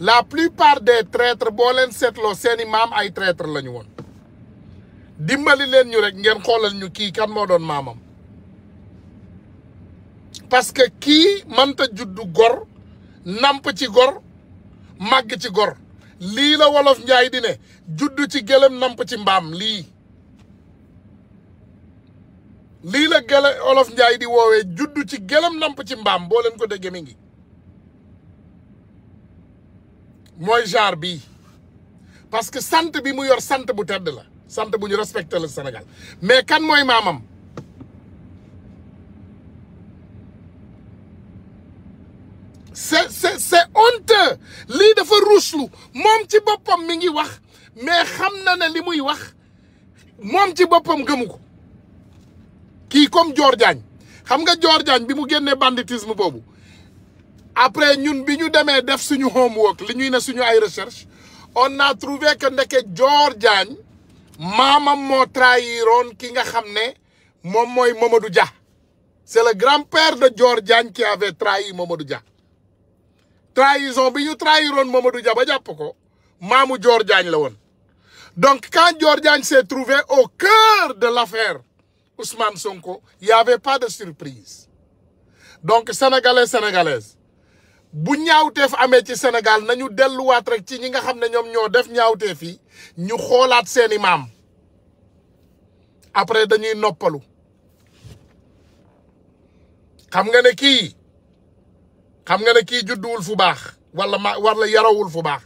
la plupart de traîtres boo leen seetloo seeni maam ay traîtres la ñu woon dimmali leen ñu rek ngeen xoolal ñu kii kan moo doon maamam parce que kii mënta juddu gor namp ci gor màgg ci gor lii la wolof njaay di ne juddu ci gëlëm namp ci mbaam lii lii la gele olof njaay di woowee juddu ci gelam namp ci mbaam boo leen ko déggee mi ngi mooy genre bi parce que sant bi mu yor sant bu tedd la sant bu ñu respecté la Sénégal mais kan mooy maamam c'est c'est c'est honteux lii dafa ruuslu moom ci boppam mi ngi wax mais xam na ne li muy wax moom ci boppam gëmu ko kii comme joor Diagne xam nga joor Diagne bi mu génnee banditisme boobu après ñun bi ñu demee def suñu homework li ñuy ne suñu ay recherche on a trouvé que ndeke Dior Diagne maamam moo trahiroon ki nga xam ne moom mooy Mamadou Dia c'est le grand-père de Dior Diagne qui avait trahi Mamadou Dia trahison bi ñu trahiroon Mamadou Dia ba jàpp ko maamu Dior Diagne la woon donc quand Dior Diagne s'est trouvé au cœur de la l'affaire Ousmane Sonko yave y avait pas de surprise donc sénégalais sénégalaise bu ñaawteef amee ci senegal nañu delluwaat rek ci ñi nga xam ne ñoom ñoo def ñaawteef yi ñu xoolaat seeni maam après dañuy noppalu xam nga ne kii xam nga ne kii judduwul fu baax walla ma yarawul fu baax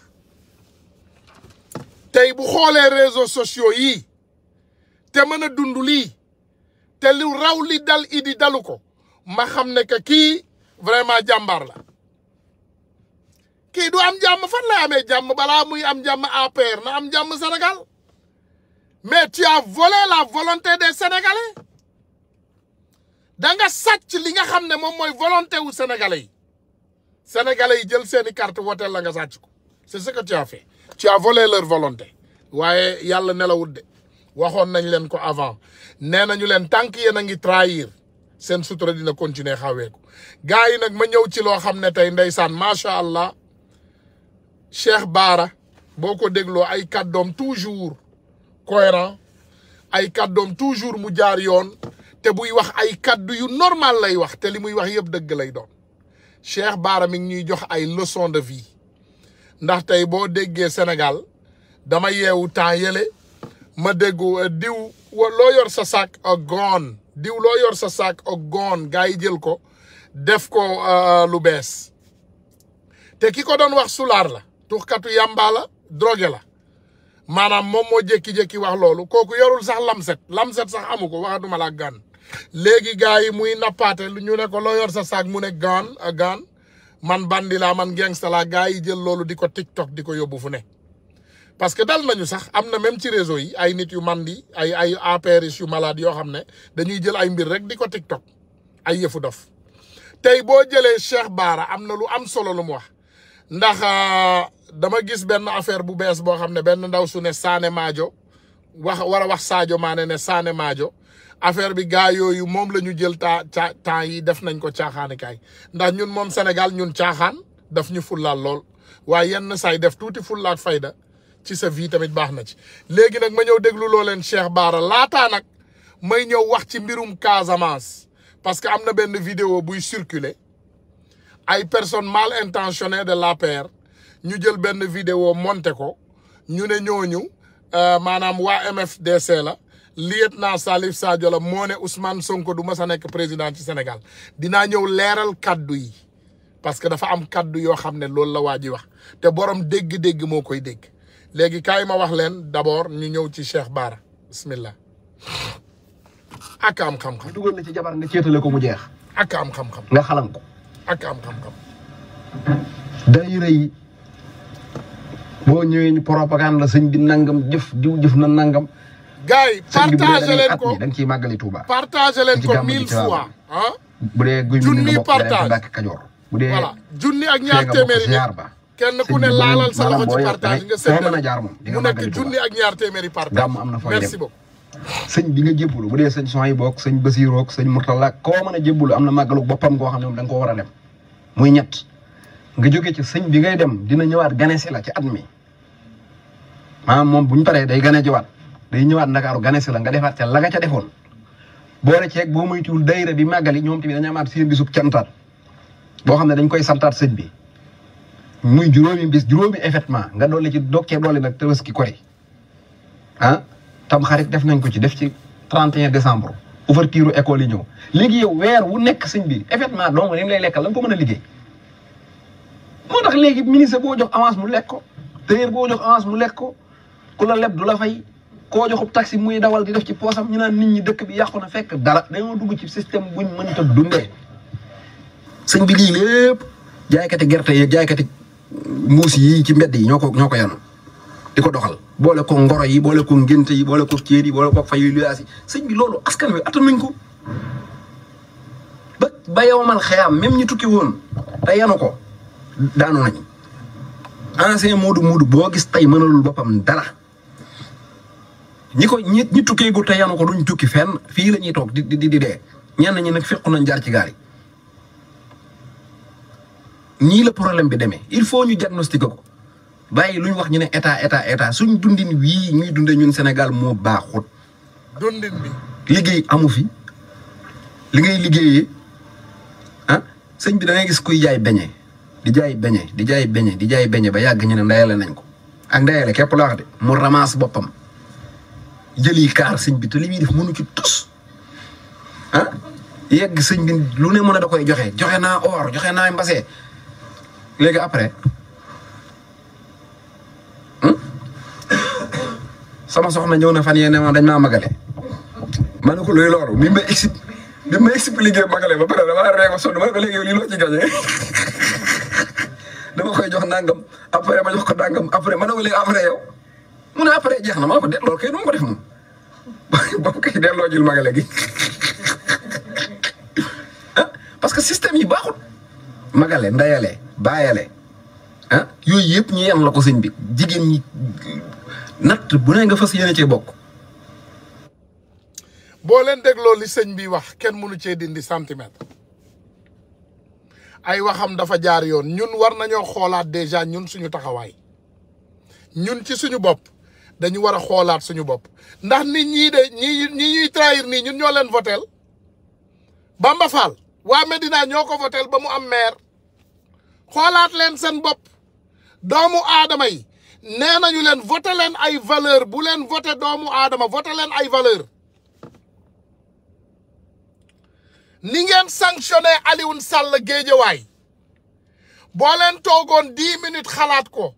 tey bu xoolee réseau sociaux yii te mën a dund lii te lu raw li dal idi dalu ko ma xam ne que kii vraiment jàmbaar la kii du am jàmm fan lay amee jàmm balaa muy am jàmm APR na am jàmm Sénégal mais tu as volé la volonté des Sénégalais da nga li nga xam ne moom mooy volonté wu Sénégalais yi Sénégalais yi jël seeni carte wotel la nga sàcc ko c'est ce que tu as fait tu as waaye yàlla nelawut de waxoon nañ leen ko avant nee nañu leen tànk yéen a ngi trahir seen sutura dina continuer xaweeku gars yi nag ma ñëw ci loo xam ne tey ndeysaan macha allah Cheikh Baara boo ko dégloo ay kàddoom toujours cohérent ay kaddoom toujours mu jaar yoon te buy wax ay kàddu yu normal lay wax te li muy wax yëpp dëgg lay doon Cheikh Baara mi ngi ñuy jox ay leçon de vie ndax tey boo déggee Sénégal dama yeewu temps yële ma dégg eh, diw loo yor sa sac a gone diw loo yor sa sac a gone gars yi jël ko def ko eh, lu bees te ki ko doon wax sulaar la tuxkatu yàmbaa la drogué la maanaam moom moo jékki-jékki wax loolu kooku yorul sax lamset lamset sax amu ko waxatuma la gan léegi gars yi muy nappaate ñu ne ko loo yor sa sac mu ne gan a gan man bandi laa man gangsta laa gars yi jël loolu di ko tiktok di ko yóbbu fu ne parce que dal nañu sax am na même ci réseau yi ay nit yu mandi ay ay apéris yu malade yoo xam ne dañuy jël ay mbir rek di ko tiktok ay yëfu dof tey boo jëlee Cheikh Baara am na lu am solo lu mu wax ndax euh, dama gis benn affaire bu bees boo xam ne benn ndaw su ne Sané Madio wax war a wax saajo Mané ne saane Madio affaire bi gars yooyu moom la ñu jël taa caa temps yi def nañ ko caaxaanikaay ndax ñun moom Sénégal ñun caaxaan daf ñu fullaal lool waaye yenn saay def tuuti fullaak fayda ci sa vie tamit baax na ci léegi nag ma ñëw déglu loo leen Cheikh Bara laataa nag may ñëw wax ci mbirum Casamance parce que am na benn vidéo buy circuler ay personnes mal intentionnées de la l'APR ñu jël benn vidéo monté ko ñu ne ñooñu euh, maanaam waa MFDC la lieutenant Salif Sadio la moo ne Ousmane Sonko du mas a nekk président ci Sénégal dinaa ñëw leeral kaddu yi parce que dafa am kaddu yoo xam ne loolu la waa ji wax te borom dégg-dégg moo koy dégg léegi kaay ma wax leen d'abord ñu ñëw ci Cheikh Bara bismillah ak am xam-xam. na ci jabar nga ceetale ko mu jeex. ak am xam-xam. nga xalam ko. ak am xam-xam. daayira yi boo ñëwee ñu propagande la nangam jëf diw jëf na nangam. gars yi partagé leen ko da nga ciy màggali Touba. partagé leen ko mille fois ah. bu dee guy mi nga bokk da nga bokk Kajoor. junni ak ñaar téeméeri kenn ku ne laalal sa loxo ci partage nga sëñ mën a jaar moom mu nekk junni ak ñaar téeméeri partage gàmm am na fooy merci sëñ bi nga jébbalu bu dee sëñ soxay boog sëñ basiroog sëñ murtala koo mën a jébbalu am na màggalu boppam goo xam ne moom da nga a dem muy ñett nga jóge ci sëñ bi ngay dem dina ñëwaat ganesi la ci at mi maanaam moom bu ñu paree day gane jiwaat day ñëwaat ndakaaru ganesi la nga defaat ca la nga ca boo boole ceeg boo moytuwul dayra bi yi ñoom tamit dañu amaat seen bisub cantaat boo xam ne dañ koy santaat sëñ bi muy juróomi bis juróomi événement nga doole ci dokkee doole nag tabaski kori ah tam xarit def nañ ko ci def ci 31 décembre ouverture école yi ñëw léegi yow weer wu nekk sëñ bi événement dong li lay lekkal la nga ko mën a liggéey léegi ministre boo jox avance mu lekk ko tailleur boo jox mu lekk ko ku la leb du la fay koo joxub taxi muy dawal di def ci poosam ñu naan nit ñi dëkk bi yàqu na fekk dara dañoo dugg ci système buñ mënta dundee sëñ bi lii lépp jaaykati gerte yeeg jaaykati muus yii ci mbedd yi ñoo ko ñoo ko yanu di ko doxal boole ko ngoro yi boole ko ngénte yi boole ko céer yi boole ko fayu luyaas yi sëñ bi loolu askan wi attan nañ ko ba ba yowmal xeyaam même ñu tukki woon te yanu ko daanu nañ ancien moodu moodu boo gis tey mënalul boppam dara ñi ko ñi ñi tukkee gu te yanu ko duñ tukki fenn fii la ñuy toog di di di dee ñenn ñi nag fekku nañ jaar ci gaal yi ñii la problème bi demee il faut ñu diagnostiquer ko bàyyi lu ñu wax ñu ne état état état suñ dundin wii ñuy dunde ñun senegal moo baaxut. dundin bi. liggéey amu fi li ngay liggéeyee ah sëñ bi da gis kuy jaay beñe di jaay beñe di jaay beñe di jaay beñe ba yàgg ñu ne ndeyale nañ ko ak ndeyale képp la wax de mu ramasse boppam jëli kaar sëñ bi te li muy def mënu ci tus ah yegg sëñ bi lu ne mën a da koy joxe joxe naa oor joxe naa mbase. léegi après hmm? sama soxna ñëw na fan yee ne dañ maa magale ma ne ko luy loolu bi ma exi bi ma expliqué magale ba pare ree ma sonn ma léegi yow lii loo ci gañe dama koy jox nangam après ma jox ko nangam après ma léegi après yow mu ne après jeex na ma ne ko de loolu nu ma ko def moom ba mu koy delloo jul magale gi ah, parce que système yi baaxut. magale ndayale baayale ah yooyu yëpp ñu yem la ko sëñ bi jigéen ñi natt bu ne nga fas yéene cee bokk. boo leen dégloo li sëñ bi wax kenn mënu cee dindi centimètre ay waxam dafa jaar yoon ñun war nañoo xoolaat déjà ñun suñu taxawaay ñun ci suñu bopp dañu war a xoolaat suñu bopp ndax nit ñii de ñi ñi ñuy trahir nii ñun ñoo leen voteel Bamba Fall waa Medina ñoo ko voteel ba mu am maire. xoolaat leen seen bopp doomu aadama yi nee nañu leen voté leen ay valeur bu leen voté doomu aadama voté leen ay valeur ni ngeen sanctionné Alioune Sall géejawaay boo leen toogoon dix minutes xalaat ko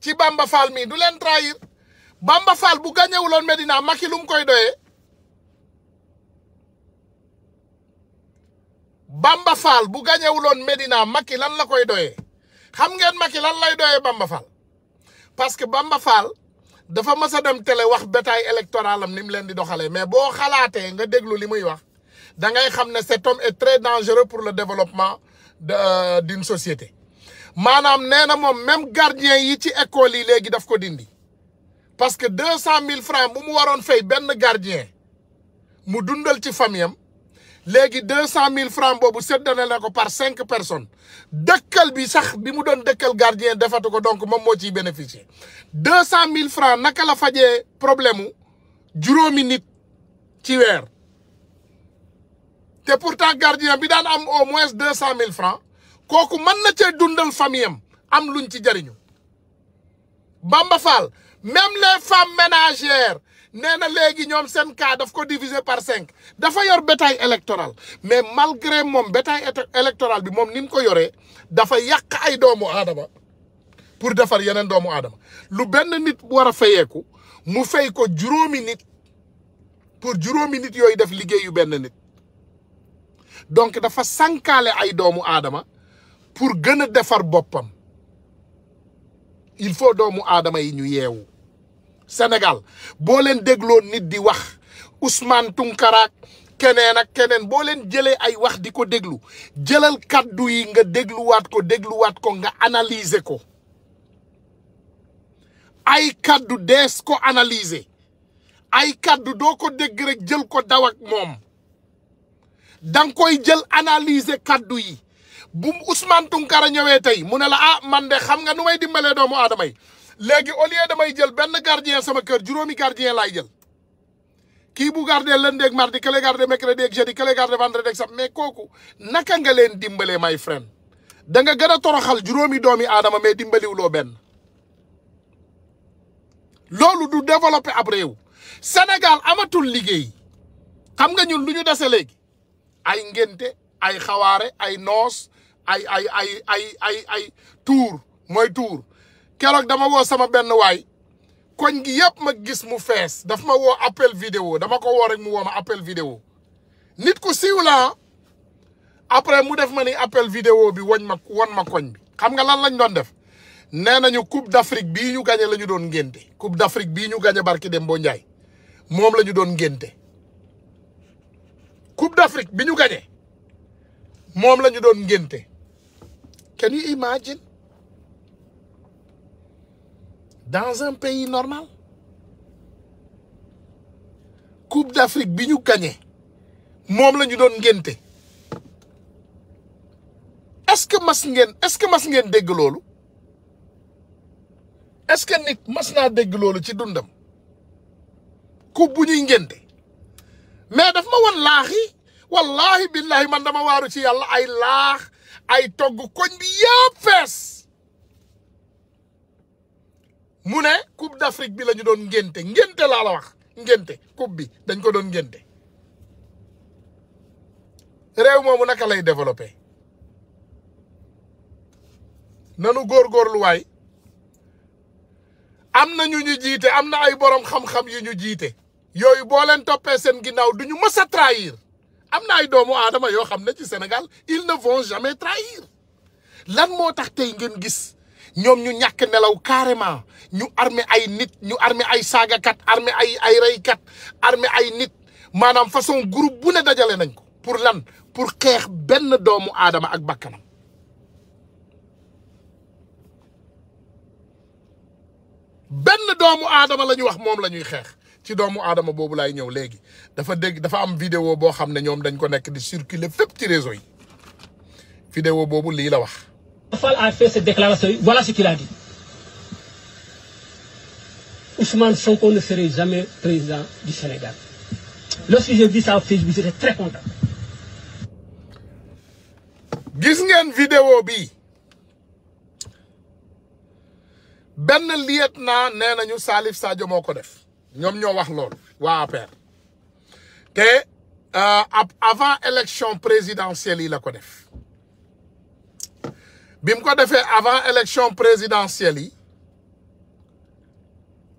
ci Bamba Fall du leen trahir Bamba bu gañewuloon loon Macky lu mu koy doyee Bamba Fall bu gañewuloon Medina Macky lan la koy doyee xam ngeen Macky lan lay doyee Bamba Fall parce que Bamba Fall dafa mës a dem télé wax bétail électoral am ni mu leen di doxalee mais boo xalaatee nga déglu li muy wax da ngay xam ne cet homme est très dangereux pour le développement de euh, d'une société maanaam nee na moom même gardien yi ci école yi léegi daf ko dindi parce que deux cent mille francs bu mu waroon fay benn gardien mu dundal ci famille léegi deux cent mille francs boobu séddale na ko par cinq personnes dëkkal bi sax bi mu doon dëkkal gardien defatu ko donc moom moo ciy bénéficier deux cent mille francs naka la fajee problème mu juróomi nit ci weer te pourtant gardien bi daan am au moins deux cent mille francs kooku mën na cee dundal famille am am luñ ci jariñu Bamba Fall même les femmes ménagères nee na léegi ñoom seen cas daf ko diviser par cinq dafa yor bétail électoral mais malgré moom bétail électoral bi moom ni ko yoree dafa yàq ay doomu aadama pour defar yeneen doomu aadama lu benn nit war a fayeeku mu fay ko juróomi nit pour juróomi nit yooyu def liggéeyu benn nit donc dafa sànkaale ay doomu aadama pour gën a defar boppam il faut doomu aadama yi ñu yeewu Sénégal boo leen dégloo nit di wax Ousmane Tunkaraak keneen ak keneen boo leen jëlee ay wax di ko déglu jëlal kàddu yi nga dégluwaat ko dégluwaat ko nga analyser ko ay kàddu dees ko analyser ay kàddu doo ko dégg rek jël ko daw ak moom danga koy jël analyser kàddu yi bu Ousmane Tunkara ñëwee tey mu ne la ah man de xam nga nu may dimbalee doomu aadama yi léegi au lieu damay jël benn gardien sama kër juróomi gardien laay jël kii bu gardee lundi ak mardi kële gardé mercredi ak jeudi kële gardé vendredi ak samedi mais kooku naka nga leen dimbalee may friend da nga gën a toroxal juróomi doomi aadama mais dimbaliwuloo benn loolu du développé ab réew senegal amatul liggéey xam nga ñun lu ñu dese léegi ay ngénte ay xawaare ay noos ay ay ay ay ay ay tuur mooy tuur keroog dama woo sama benn waay koñ gi yëpp ma gis mu fees dafa ma woo appel vidéo dama ko woo rek mu woo ma appel vidéo nit ku siiw la après mu def ma ni appel video bi woñ ma won ma koñ bi xam nga lan lañ doon def nee nañu coupe d'Afrique bii ñu gagné la ñu doon ngénte coupe d'Afrique bii ñu gagné barki dem boo njaay moom la ñu doon ngénte coupe d'Afrique bi ñu gagné moom lañu doon ngénte can you imagine dans un pays normal Coupe bi ñu gagné moom la ñu doon ngénte est que mas ngeen est-ce que mas ngeen dégg loolu est-ce que nit mas naa dégg loolu ci dundam coupe bu ñuy ngénte mais daf ma won laax wallaahi billaahi man dama waaru ci yàlla ay laax ay togg koñ bi yëpp fees mu ne coupe d'Afrique bi lañu doon ngénte ngénte laa la wax ngénte coupe bi dañ ko doon ngénte réew moomu naka lay développé nanu góor góorluwaay am na ñu ñu jiite am na ay borom xam-xam yu ñu jiite yooyu boo leen toppee seen ginnaaw duñu masa mës a trahir am na ay doomu aadama yoo xam ne ci senegal il ne vont jamais trahir lan moo tax tey ngeen gis ñoom ñu ñàkk nelaw carrément ñu armé ay nit ñu armé ay saagakat armé ay ay reykat armé ay nit maanaam façon groupe bu ne dajale nañ ko pour lan pour xeex benn doomu aadama ak bakkanam benn doomu aadama la ñu wax moom la ñuy xeex ci doomu aadama boobu laay ñëw léegi dafa dégg dafa am video boo xam ne ñoom dañ ko nekk di circuler fépp ci réseau yi vidéo boobu lii la wax. Fall a Ousmane Sonko ne président du Sénégal. Lorsque gis ngeen vidéo bi benn liet naa nee nañu Salif Sadio moo ko def ñoom ñoo wax lool waa APR te euh, ab avant élection présidentielle yi la ko def bi mu ko defee avant élection présidentielle yi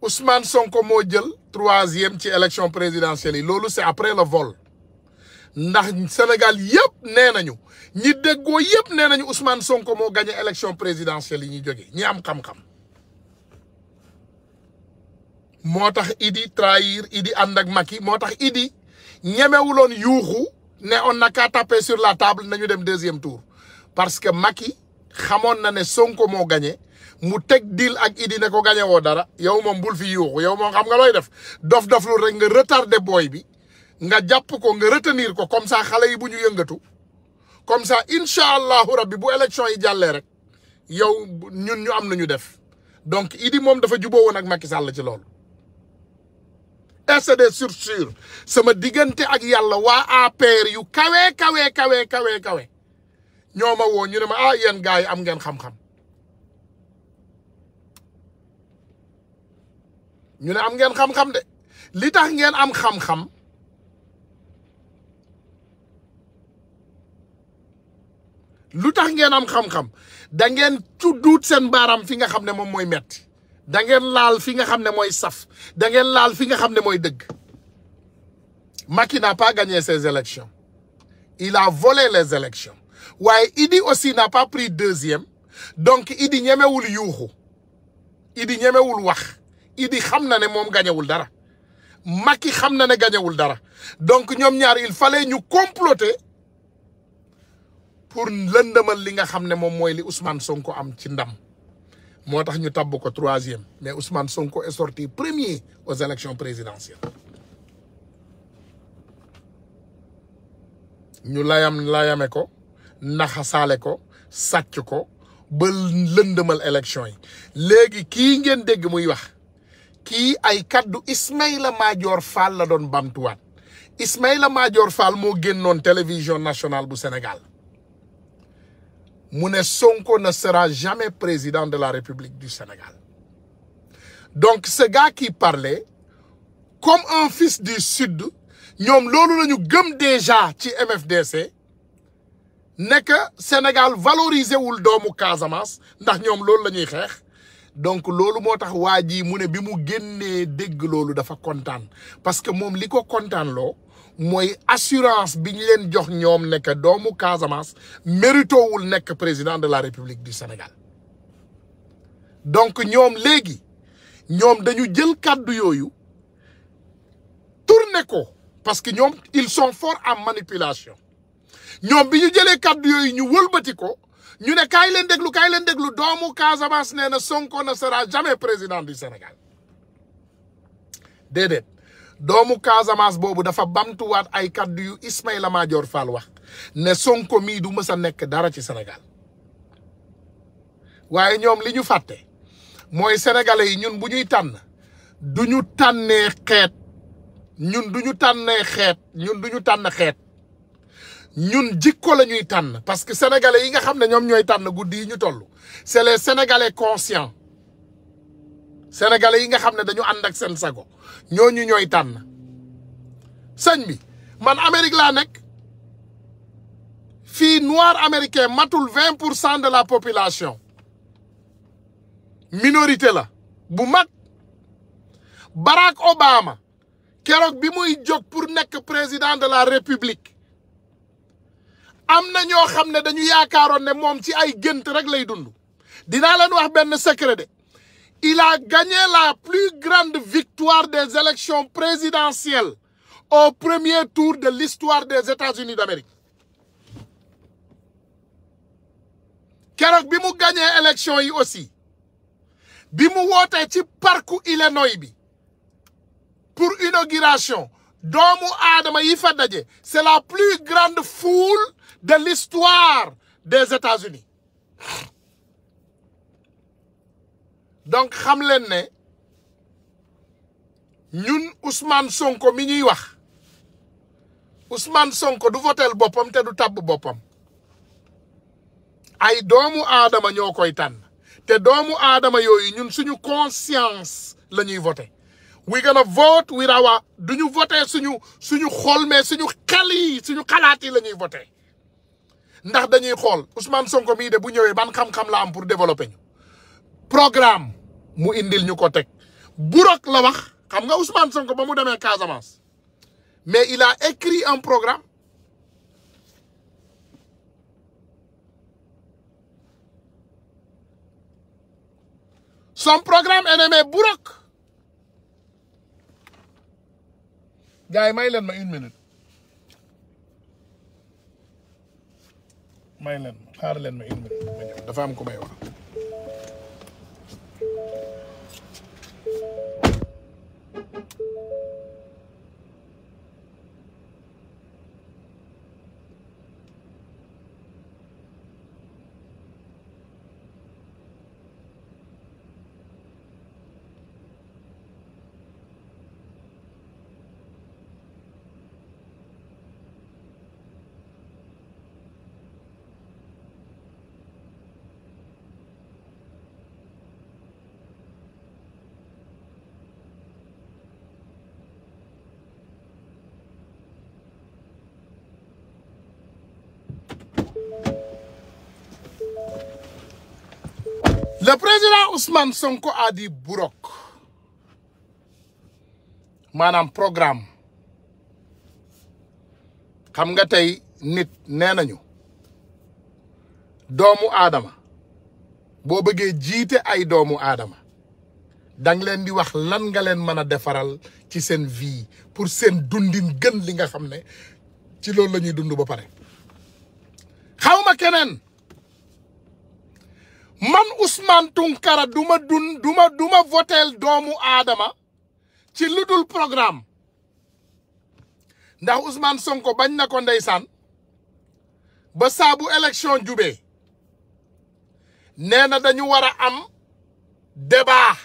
Ousmane Sonko moo jël troisième ci élection présidentielle yi loolu c'est après la vol ndax Sénégal yëpp nee nañu ñi déggoo yëpp nee nañu Ousmane Sonko moo gagné élection présidentielle yi ñuy jógee ñi am xam-xam moo tax Idi trahir Idi ànd ak Macky moo tax Idi ñemewuloon yuuxu ne on n'a qu'à taper sur la table nañu dem deuxième tour parce que Macky xamoon na ne Sonko moo gañe mu teg dil ak Idi ne ko gañe dara yow moom bul fi yuuxu yow moom xam nga looy def dof-dof lu rek nga retardé booy bi nga jàpp ko nga retenir ko comme ça xale yi bu ñu yëngatu comme ça incha allahu rabbi bu élection yi jàllee rek yow ñun ñu am na ñu def donc Idi moom dafa juboo woon ak Macky Sall ci loolu. RCD sur sur sama diggante ak yàlla waa APR yu kawe kawe kawe kawe kawe ñoo ma woo ñu ne ma ah yéen gars yi am ngeen xam-xam. ñu ne am ngeen xam-xam de li tax ngeen am xam-xam lu tax ngeen am xam da ngeen tudduut seen baaram fi nga xam ne moom mooy metti da ngeen laal fi nga xam ne mooy saf da ngeen laal fi nga xam ne mooy dëgg Macky n'a pas gagné ses élections il a volé les élections waaye Idi aussi n'a pas pris deuxième donc Idi ñemewul yuuxu Idi ñemewul wax Idi xam na ne moom gañewul dara Macky xam na ne gañewul dara donc ñoom ñaar il fallait ñu comploter pour lëndëmal li nga xam ne moom mooy li Ousmane Sonko am ci ndam moo tax ñu tabb ko troisième mais Ousmane Sonko est sorti premier aux élections présidentielles ñu layam layame ko naxasaale ko sàcc ko ba lëndëmal élection yi léegi kii ngeen dégg muy wax kii ay kaddu Ismaïla Madior Fall la doon bamtuwaat Ismaïla Madior Fall moo génnoon télévision nationale bu Sénégal mu ne Sonko na sera jamais président de la République du Sénégal donc ce gars qui comme un fils du sud ñoom loolu la ñu gëm déjà ci MFDC ne Sénégal valorisé wul doomu Casamance ndax ñoom loolu la ñuy xeex donc loolu moo tax waa ji mu ne bi mu génnee dégg loolu dafa kontaan parce que moom li ko kontaanloo mooy assurance bi ñu leen jox ñoom nekk doomu Casamance méritowul nekk président de la République du Sénégal donc ñoom léegi ñoom dañu jël kàddu yooyu tourné ko parce que ñoom il sont forts en manipulation ñoom bi ñu jëlee kàddu yooyu ñu wëlbati ko ñu ne kaay leen déglu kaay leen déglu doomu Casamance nee na Sonko ne sera jamee président du senegal déedéet doomu Casamance boobu dafa bamtuwaat ay kàddu yu Ismaïla Madior Fall wax ne Sonko mii du mës a nekk dara ci senegal waaye ñoom li ñu fàtte mooy sénégalais yi ñun bu ñuy tànn duñu ñu tànnee xeet ñun du ñu tànnee xeet ñun du tànn xeet. ñun jikko la ñuy tànn parce que sénégalais yi nga xam ne ñoom ñooy tànn guddi yi ñu toll c'est les sénégalais conscients sénégalais yi nga xam ne dañu ànd ak seen sago ñooñu ñooy tànn sëñ bi man Amérique laa nekk fii noir américain matul vingt pour cent de la population minorité la bu mag Barack Obama keroog bi muy jóg pour nekk président de la république am na ñoo xam ne dañu yaakaaroon ne moom ci ay gént rek lay dund dinaa leen wax benn secret de il a la plus grande victoire des élections présidentielles au premier tour de l'histoire des États-Unis d'Amérique keroog bi mu gagné élection yi aussi bi mu wootee ci parku Illinois bi pour inauguration doomu aadama yi fa daje c'est la plus grande foule de l'histoire des États-Unis donc xam leen ne ñun Ousmane Sonko mi ñuy wax Ousmane Sonko du voteel boppam te du tàbb boppam ay doomu aadama ñoo koy tànn te doomu aadama yooyu ñun suñu conscience la ñuy voté we gonna vote with our duñu voté suñu suñu xol mais suñu xel yi suñu xalaat yi la ñuy voté ndax dañuy xool Ousmane Sonko mii de bu ñëwee ban xam-xam la am pour développer programme mu indil ñu ko teg burok la wax xam nga Ousmane Sonko ba mu demee Casamance mais il a écrit un programme son programme est nommé burok gars yi may leen ma une minute may leen xaar leen ma une minute ma ñëw dafa am ku may wax. Le président Ousmane Sonko a dit burok maanaam programme xam nga tey nit nee nañu doomu aadama boo bëggee jiite ay doomu aadama dang leen di wax lan nga leen mën a defaral ci seen vie pour seen dundin gën li nga xam ne ci loolu lañuy dund ba pare xawma keneen man Ousmane Tounkara du ma dun duma ma du voteel doomu aadama ci lu dul ndax ndax Ousmane ko bañ na ko ndeysaan ba saabu élection jubee nee na dañu war a am débat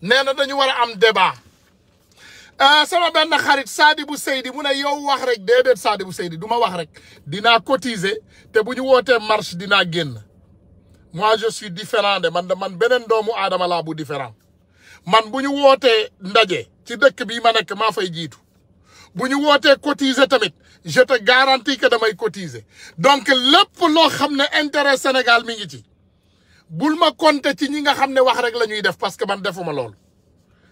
nee na dañu war a am débat Ah, sama benn xarit bu Seydi mu ne yow wax rek déedéet Sadibou Seydi du ma wax rek dinaa cotiser te bu ñu wootee marche dinaa génn moi je suis différent man de man beneen doomu aadama laa bu différent man bu ñu wootee ndaje ci dëkk bii ma nekk maa fay jiitu bu ñu wootee cotiser tamit je te garantis que damay cotiser donc lépp loo xam ne intérêt Sénégal mi ngi ci bul ma compter ci ñi nga xam ne wax rek la ñuy def parce que man defuma loolu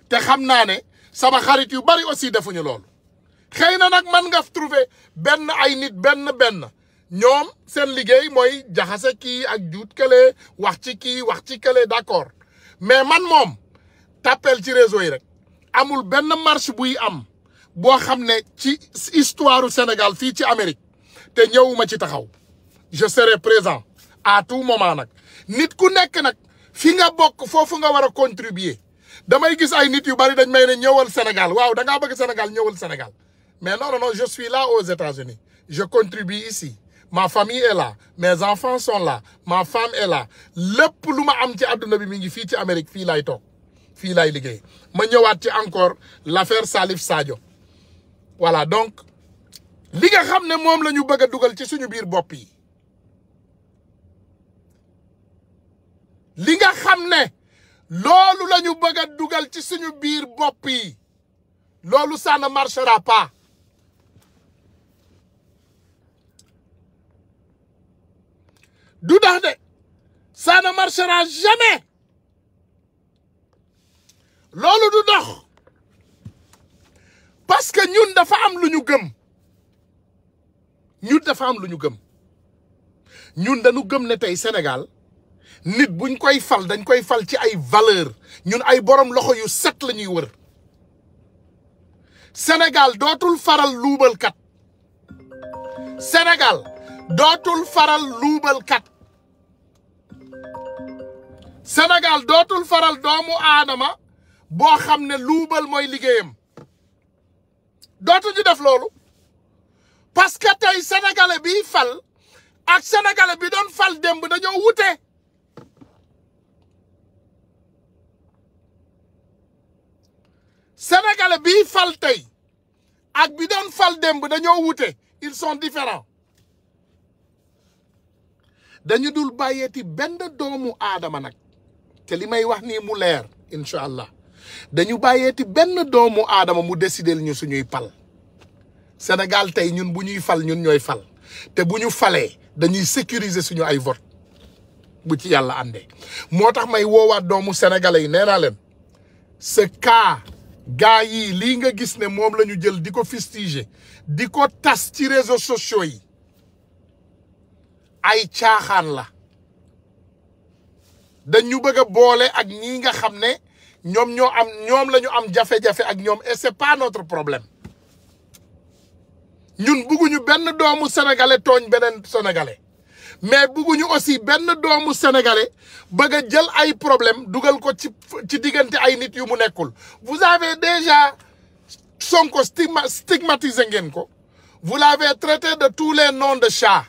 te xam naa ne. sama xarit yu bari aussi defuñu loolu xëy na nag man nga trouver benn ay nit benn benn ñoom seen liggéey mooy jaxase kii ak juut kële wax ci kii wax ci kële d'accord mais man moom tàppeel ci réseau yi rek amul benn marche buy am boo xam ne ci histoire du Sénégal fii ci Amérique te ñëwuma ci taxaw je serai présent à tout moment nag nit ku nekk nag fi nga bokk foofu nga war a contribuer damay gis ay nit yu bari dañ may ne ñëwal Sénégal waaw dangaa bëgg Sénégal ñëwal senegal mais non non la suis là aux États-Unis je contribue ici ma famille est là mes enfants son la ma femme est là lépp lu ma am ci àdduna bi mi ngi fii ci Amérique fi laay toog fii laay liggéey ma ñëwaat ci encore l'affaire Salif Sadio voilà donc li nga xam ne moom la ñu bëgg a dugal ci suñu biir bopp yi li nga xam ne loolu lañu ñu bëgg dugal ci suñu biir bopp yi loolu ça ne marchera pas du dax de ça ne marchera loolu du dox parce que ñun dafa am lu ñu gëm ñun dafa lu ñu gëm ñun dañu gëm ne tey senegal nit buñ koy fal dañ koy fal ci ay valeur ñun ay borom loxo yu set la ñuy wër senegal dootul faral luubalkat senegal dootul faral luubalkat senegal dootul faral doomu aadama boo xam ne luubal mooy liggéeyam dootu ñu def loolu parce que tey sénégalais biy fal ak sénégalais bi doon fal démb dañoo wute. sénégalais bi fal tey ak bi daan fal démb dañoo wute ils sont différents dañu dul bàyyeeti benn doomu aadama nag te li may wax nii mu leer incha allah dañu bàyyeeti benn doomu aadama mu décider ñu suñuy pal Sénégal tey ñun bu ñuy fal ñun ñooy fal te bu ñu falee dañuy sécuriser suñu ay vote bu ci yàlla àndee moo tax may woowaat doomu sénégalais yi nee naa leen gaa yii lii nga gis ne moom la ñu jël di ko fustiger di ko tas ci réseaux sociaux yi ay caaxaan la dañu bëgg boole ak ñii nga xam ne ñoom ñoo am ñoom la ñu am jafe-jafe ak ñoom et c'est pas notre problème ñun bëgguñu benn doomu sénégalais tooñ beneen sénégalais mais bugguñu aussi benn doomu sénégalais bëgg jël ay problème dugal ko ci ci diggante ay nit yu mu nekkul vous avez déjà Sonko stigma stigmatisé ngeen ko vous l'avez traité de tous les noms de chat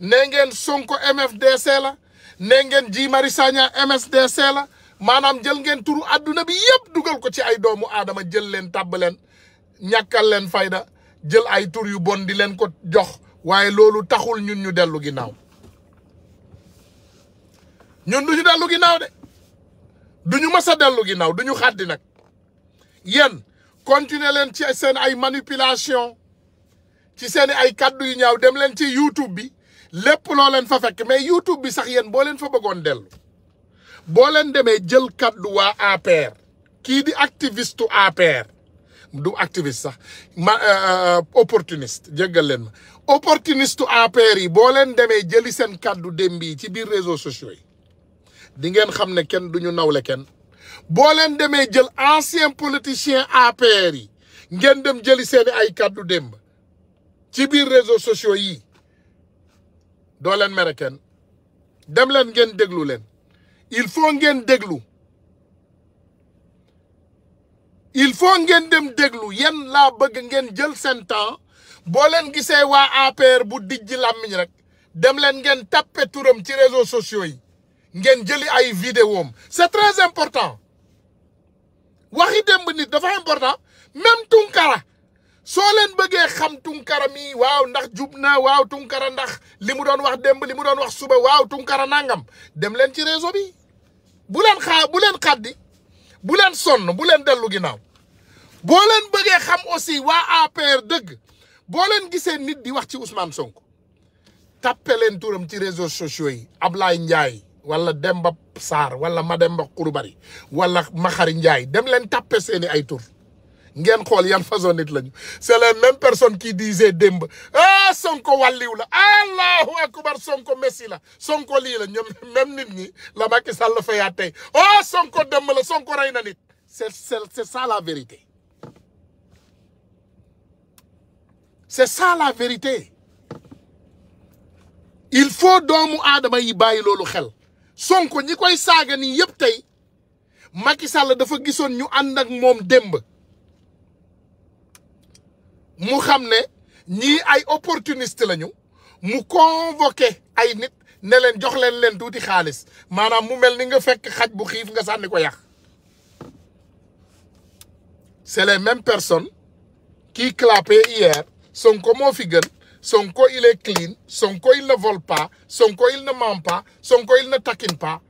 nee ngeen Sonko MFDC la nee ngeen Guy Marius Sagna MSDC la maanaam jël ngeen tur àdduna bi yëpp dugal ko ci ay doomu aadama jël leen tàbb leen ñàkkal leen fayda jël ay tur yu bon di leen ko jox waaye loolu taxul ñun ñu dellu ginnaaw ñun du ñu dellu ginnaaw de du ñu mës a dellu ginnaaw du ñu xaddi nag yéen continuer leen ci seen ay manipulation ci seen ay kaddu yu ñaaw dem leen ci YouTube bi lépp loo leen fa fekk mais YouTube bi sax yéen boo leen fa bëggoon dellu boo leen demee jël kaddu waa APR kii di activistu u du activiste sax ma euh, euh, opportuniste jéggal leen ma opportuniste u yi boo leen demee jëli seen kaddu démb yi ci biir réseaux sociaux yi dingeen xam ne kenn du ñu nawle kenn boo leen demee jël ancien politicien APR yi ngeen dem jëli seeni ay kaddu démb ci biir réseau sociaux yi doo leen mere kenn dem ngeen déglu leen il faut ngeen déglu il faut ngeen dem déglu yéen laa bëgg ngeen jël seen temps boo leen gisee waa APR bu dijji làmmiñ rek dem leen ngeen tappe turam ci réseaux sociaux yi ngeen jëli ay videwom c'est très important waxi démb nit dafa important même Tunkara soo leen bëggee xam Tunkara mi waaw ndax jub na waaw Tunkara ndax li mu doon wax demb li mu doon wax suba waaw Tunkara nangam dem leen ci réseau bi bu leen xaa bu leen xaddi bu leen sonn bu leen dellu ginnaaw boo leen bëggee xam aussi waa APR dëgg boo leen gisee nit di wax ci Ousmane sonk tappe leen turam ci réseaux sociaux yi ab Ablaye Ndiaye wala Demba Sarr wala Mademba Kurubari wala Maxari Ndiaye dem leen tàppe seeni ay tur ngeen xool yan façon nit lañu c'est les mêmes personnes qui disaient démb ah Sonko wàlliw la allahu akbar Sonko messi la Sonko lii la ñoom même nit ñi la Macky Sall la tey ah oh, Sonko démb la Sonko rey na nit c'est c'est ça la vérité c'est ça la vérité il faut doomu aadama yi bàyyi loolu xel Sonko ñi koy saaga nii yëpp tey Macky Sall dafa gisoon ñu ànd ak moom démb mu xam ne ñii ay opportuniste lañu mu convoqué ay nit ne leen jox leen leen tuuti xaalis maanaam mu mel ni nga fekk xaj bu xiif nga sànni ko yàq c'est les mêmes personnes qui clapaient hier Sonko moo fi gën Sonko, il est clean. Sonko, il ne vole pas. Sonko, il ne ment pas. Sonko, il ne taquine pas.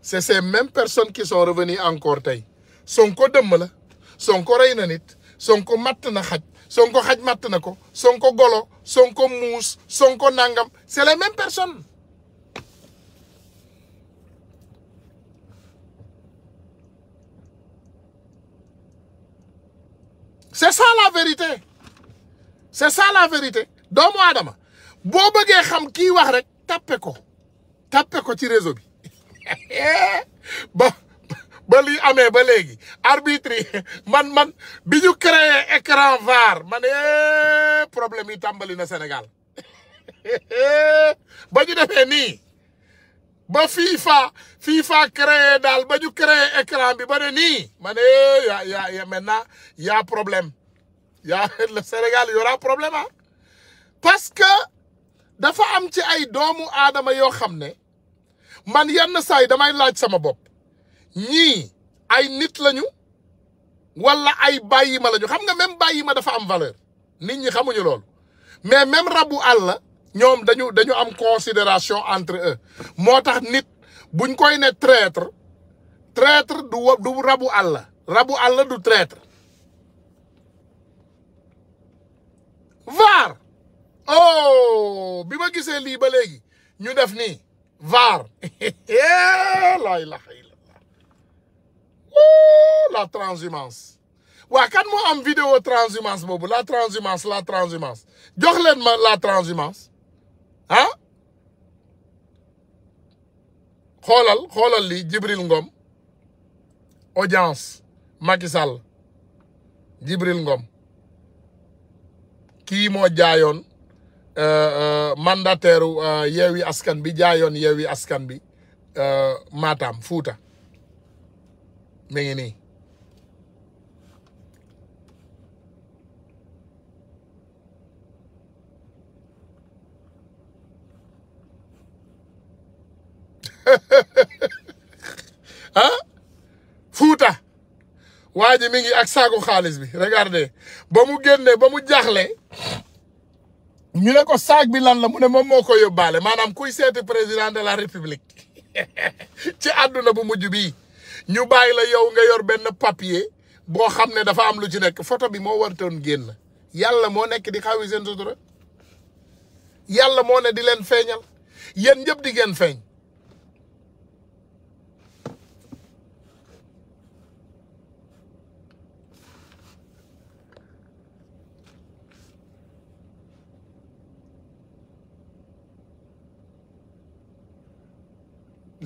C'est ces mêmes personnes qui sont revenues encore tey. Sonko dëmm Sonko rey na nit. Sonko matt na xaj. Sonko xaj matt na ko. Sonko golo. Sonko muus. Sonko nangam. C'est les mêmes personnes. C'est ça la vérité. c'est ça la vérité doomu aadama boo bëggee xam kii wax rek tappe ko tappe ko ci réseau bi ba ba lii amee ba léegi arbitre man man bi ñu créé écran VAR man eh, problème yi tàmbali na Sénégal ba ñu defee nii ba FIFA FIFA créé daal ba ñu créé bi ba ne nii man eh, ya ya problème yaa le Sénégal y aura problème parce que dafa am ci ay doomu aadama yoo xam ne man yenn saa yi damay laaj sama bopp ñii ay nit lañu wala ay bàyyi ma lañu xam nga même bàyyi ma dafa am valeur nit ñi xamuñu loolu mais même rabu àll ñoom dañu dañu am considération entre eux moo tax nit buñ koy ne traître traître du rabu àll rabu àll du traître vaar oh bi ma gisee lii ba léegi ñu def nii vaar la ilaha illallah la transhumance waa kan moo am vidéo transhumance boobu la transhumance la transhumance jox leen ma la transhumance ah xoolal xoolal lii Jibril Ngom audience Macky Sall Ngom kii moo jaayoon euh, euh, mandataire euh, yeewi askan bi jaayoon yeewi askan bi Matam Fuuta mi ngi nii ah Fuuta waa ji mi ngi ak saaku xaalis bi regardez ba mu génnee ba mu jaaxle ñu ne ko saag bi lan la mu ne moom moo ko yóbbaale maanaam kuy seeti président de la république ci àdduna bu mujj bi ñu bàyyi la yow nga yor benn papier boo xam ne dafa am lu ci nekk photo bi moo wartoon génn yàlla moo nekk di xawi seen sutura yàlla moo ne di leen feeñal yéen ñëpp di ngeen feeñ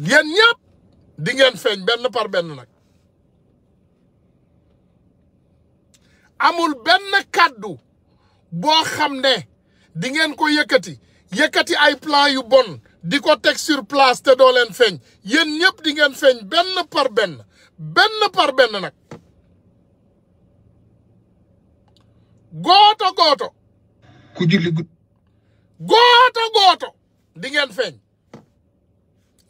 yéen ñëpp di feeñ benn par benn nag amul benn kàddu boo xam ne di ngeen ko yëkkati yëkkati ay plan yu bon di ko teg sur place te doo leen feeñ yéen ñëpp di ngeen feeñ benn par benn benn par benn nag gooto gooto ku gooto gooto di ngeen feeñ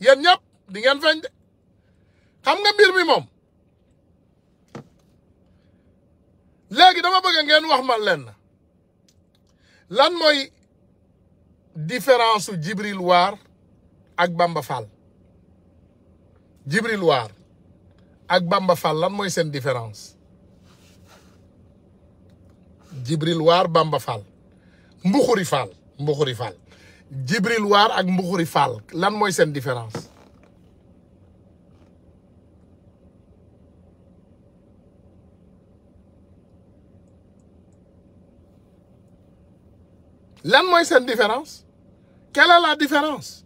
yéen ñëpp di ngeen feeñ de xam nga mbir mi moom léegi dama bëgg ngeen wax ma leen lan mooy différence su Djibril War ak Bamba Fall Djibril War ak Bamba Fall lan mooy seen différence Djibril War Bamba Fall Mbuxuri Fall Mbuxuri Fall Djibril War ak Mbuxuri Fall lan mooy seen différence lan mooy seen différence quelle est la différence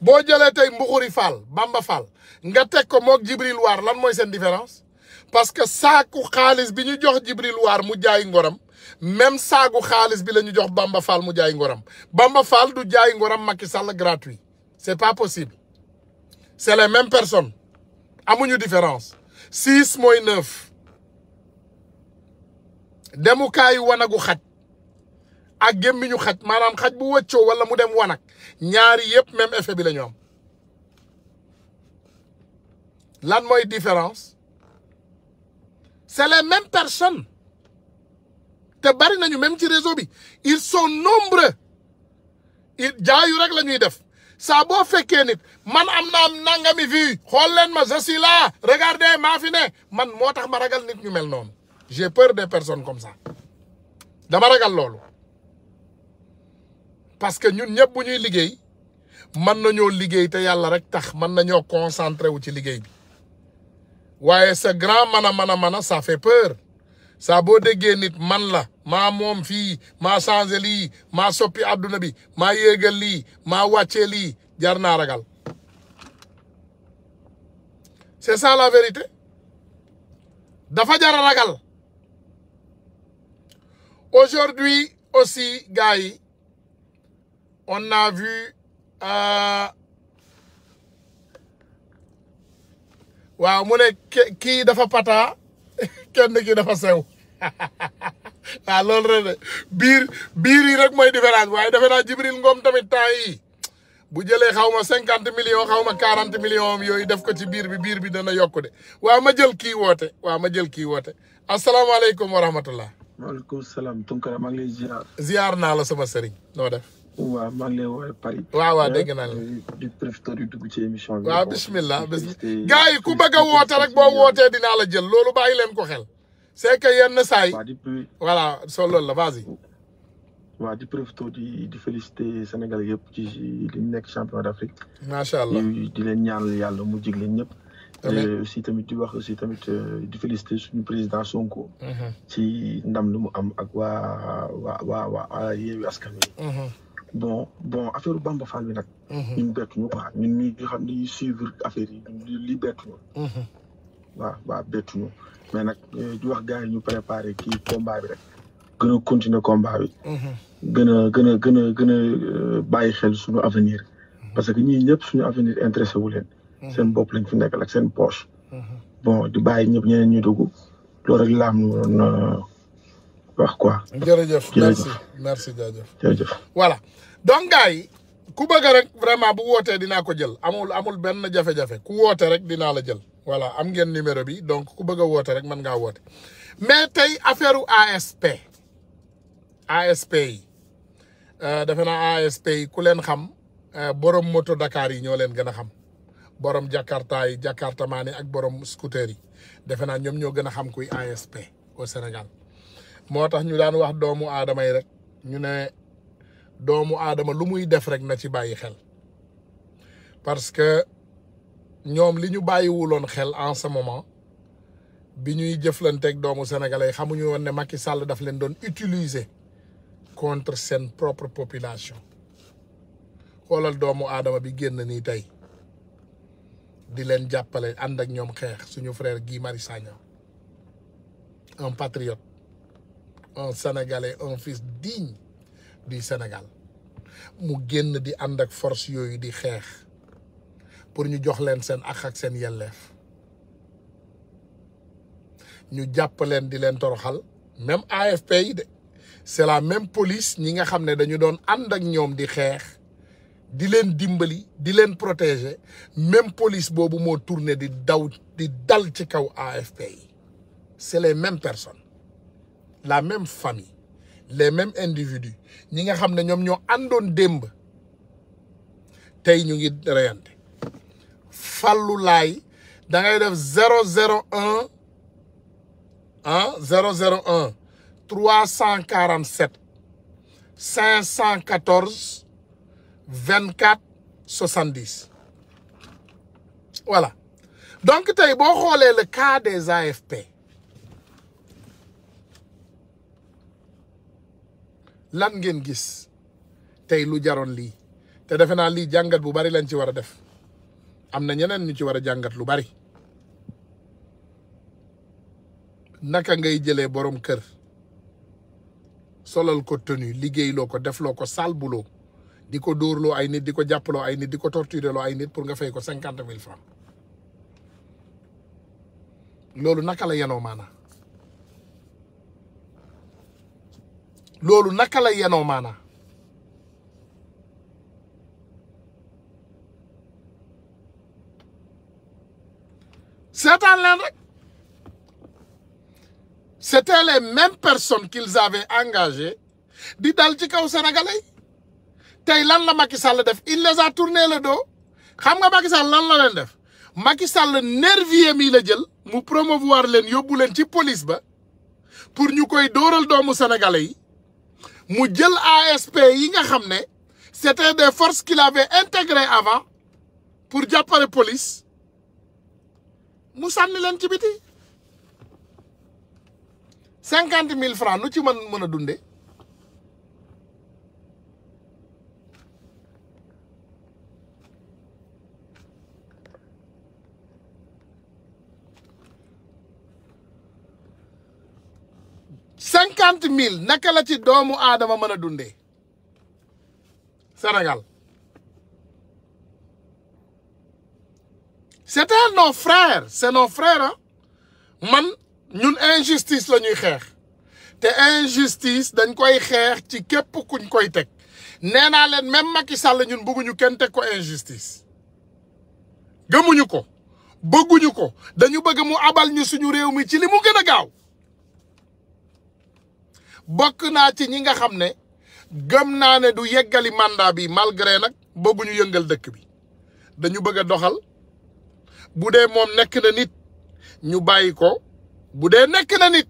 boo jëlee tey Mbuxuri Fall Bamba Fall nga teg ko moog Jibril Waar lan mooy seen différence parce que saaku xaalis bi ñu jox Jibril Waar mu jaay ngoram même saagu xaalis bi la ñu jox Bamba Fall mu jaay ngoram Bamba Fall du jaay ngoram Macky Sall gratuit c'est pas possible c'est les mêmes personnes amuñu différence six mooy neuf demukaayu wanagu xaj ak gémmiñu xaj maanaam xaj bu wëccoo wala mu dem wanag ñaari yëpp même effet bi la ñu lan mooy différence c'est les mêmes personnes te bari nañu même ci réseau bi ils sont nombreux il jaayu rek la ñuy def saa boo fekkee nit man am naa am nangami vie xool leen ma je suis là regardez fi ne man moo tax ma ragal nit ñu mel noonu j'ai peur des personnes comme sa dama ragal loolu parce que ñun ñëpp ñuy liggéey mën nañoo liggéey te yàlla rek tax mën nañoo concentré wu ci liggéey bi waaye sa grand man a man a man a ça fait saa boo déggee nit man la maa moom fii maa changé lii maa soppi àdduna bi maa yéegal lii maa wàcce lii jar naa ragal c'est ça la vérité dafa jar a ragal aujourd'hui aussi gars yi on a vu euh, waaw mu ne kii dafa pata kenn kii dafa sew waaw loolu rek de biir biir yi rek mooy différence waaye defe naa Jibril Ngom tamit temps yi bu jële xaw ma cinquante millions xaw ma quarante millions yooyu def ko ci biir bi biir bi dana yokku de waaw ma jël kii woote waaw ma jël kii woote asalaamaaleykum wa rahmatullah waaleykum salaam Tunkara naa la sama sëriñ noo def. waaw maa ngi lay woowee Paris. waaw waaw eh, dégg naa la di profité di dugg ci émission bi. waaw bismillah bismillah ku bëgg a woote rek boo eh. wootee dinaa la jël loolu bàyyi leen ko xel. c'est que yenn saa yi. voilà soo loolu la vas-y. waaw di profité di félicité Sénégal yëpp ci li mu nekk champion d'Afrique. macha allah di leen ñaan yàlla mu jig leen ñëpp. aussi tamit di wax aussi tamit euh, di féliciter suñu président Sonko. Mhm. ci ndam lu mu am ak waa waa waa waa Yewwi Askan Wi. Mhm. bon bon affaire Bamba Fall bi nag. Mhm. ñun bettu ñu quoi ñun ñi nga xam ne ñuy suivre affaire yi li bettu ñu. Mhm. waaw waaw bettu ñu mais nag eh, di wax gars yi ñu préparé rek. gën a continuer combat bi. Mhm. gën euh, xel suñu avenir. parce que ñii ñëpp suñu avenir intéressé wu leen. seen bopp lañ fi nekkal ak sen poche. bon di bàyyi ñëpp ñeneen ñu dugg loolu rek laam euh, wax quoi. merci jaajëf jaajëf voilà donc yi ku bëgg rek vraiment bu wootee dinaa ko jël amul amul benn jafe-jafe ku woote rek dinaa la jël voilà am ngeen numéro bi donc ku bëgg a woote rek mën ngaa woote mais tey affaire u ASP ASP yi euh, defe naa ASP yi ku leen xam euh, borom moto Dakar yi ñoo leen gën a xam borom Jakarta yi Jakarta maane ak borom scooter yi defe naa ñoom ñoo gën a xam kuy ASP o Sénégal moo tax ñu daan wax doomu aadama yi rek ñu ne doomu aadama lu muy def rek na ci bàyyi xel parce que ñoom li ñu loon xel en ce moment bi ñuy jëflanteeg doomu sénégalais xamuñu woon ne Macky sàll daf leen doon utiliser contre seen propre population xoolal doomu aadama bi génn nii tey di leen jàppale ànd ak ñoom xeex suñu frère Guy Marius Sagna un patriote un sénégalais un fils digne du Sénégal mu génn di ànd ak force yooyu di xeex pour ñu jox leen seen ak ak seen yelleef ñu jàpp leen di leen toroxal même AFP yi de c'est la même police ñi nga xam ne dañu doon ànd ak ñoom di xeex di leen dimbali di leen protéger même police boobu moo tourné di daw di dal ci kaw AFP yi c'est les mêmes personnes la même famille les mêmes individus ñi nga xam ne ñoom ñoo àndoon démb tey ñu ngi reyante fàllu laay da ngay def zéro zéro un ah zéro zéro un trois cent quarante sept cinq cent quatorze vingt quatre soixante dix voilà donc tey boo xoolee le cas des AFP lan ngeen gis tey lu jaroon lii te defe naa lii jàngat bu bari lañ ci war a def am na ñeneen ñu ci war a jàngat lu bari naka ngay jëlee borom kër solal ko tenue liggéeyloo ko defloo ko salbuloo di ko loo ay nit di ko jàppaloo ay nit di ko tortureloo ay nit pour nga fay ko cinquante mille francs loolu naka la yenoo maanaa loolu naka la yenoo maanaa seetaan leen rek c'était les mêmes personnes qu'ils avaient di dal ci kaw sénégalais tey lan la Macky Sall def il les a tourné le dos xam nga Macky Sall lan la leen def Macky Sall nervier mi la jël mu promouvoir leen yóbbu leen ci police ba pour ñu koy dóoral doomu sénégalais yi mu jël ASP yi nga xam ne c'était des forces qu'il avait intégrées avant pour jàppale police mu sànni leen ci biti cinquante mille francs nu ci mën mën a dunde cinquante mille naka la ci doomu aadama mën a dundee Sénégal c'était nos frères c'est nos frères man ñun injustice la xeex te injustice dañ koy xeex ci képp kuñ koy teg nee naa leen même Macky Sall ñun bëgguñu kenn teg ko injustice gëmuñu ko bëgguñu ko dañu bëgg mu abal ñu suñu réew mi ci li mu gën gaaw bokk naa ci ñi nga xam ne gëm naa ne du yeggali mandat bi malgré nag bëgguñu yëngal dëkk bi dañu bëgg a doxal bu dee moom nekk na nit ñu bàyyi ko bu dee nekk na nit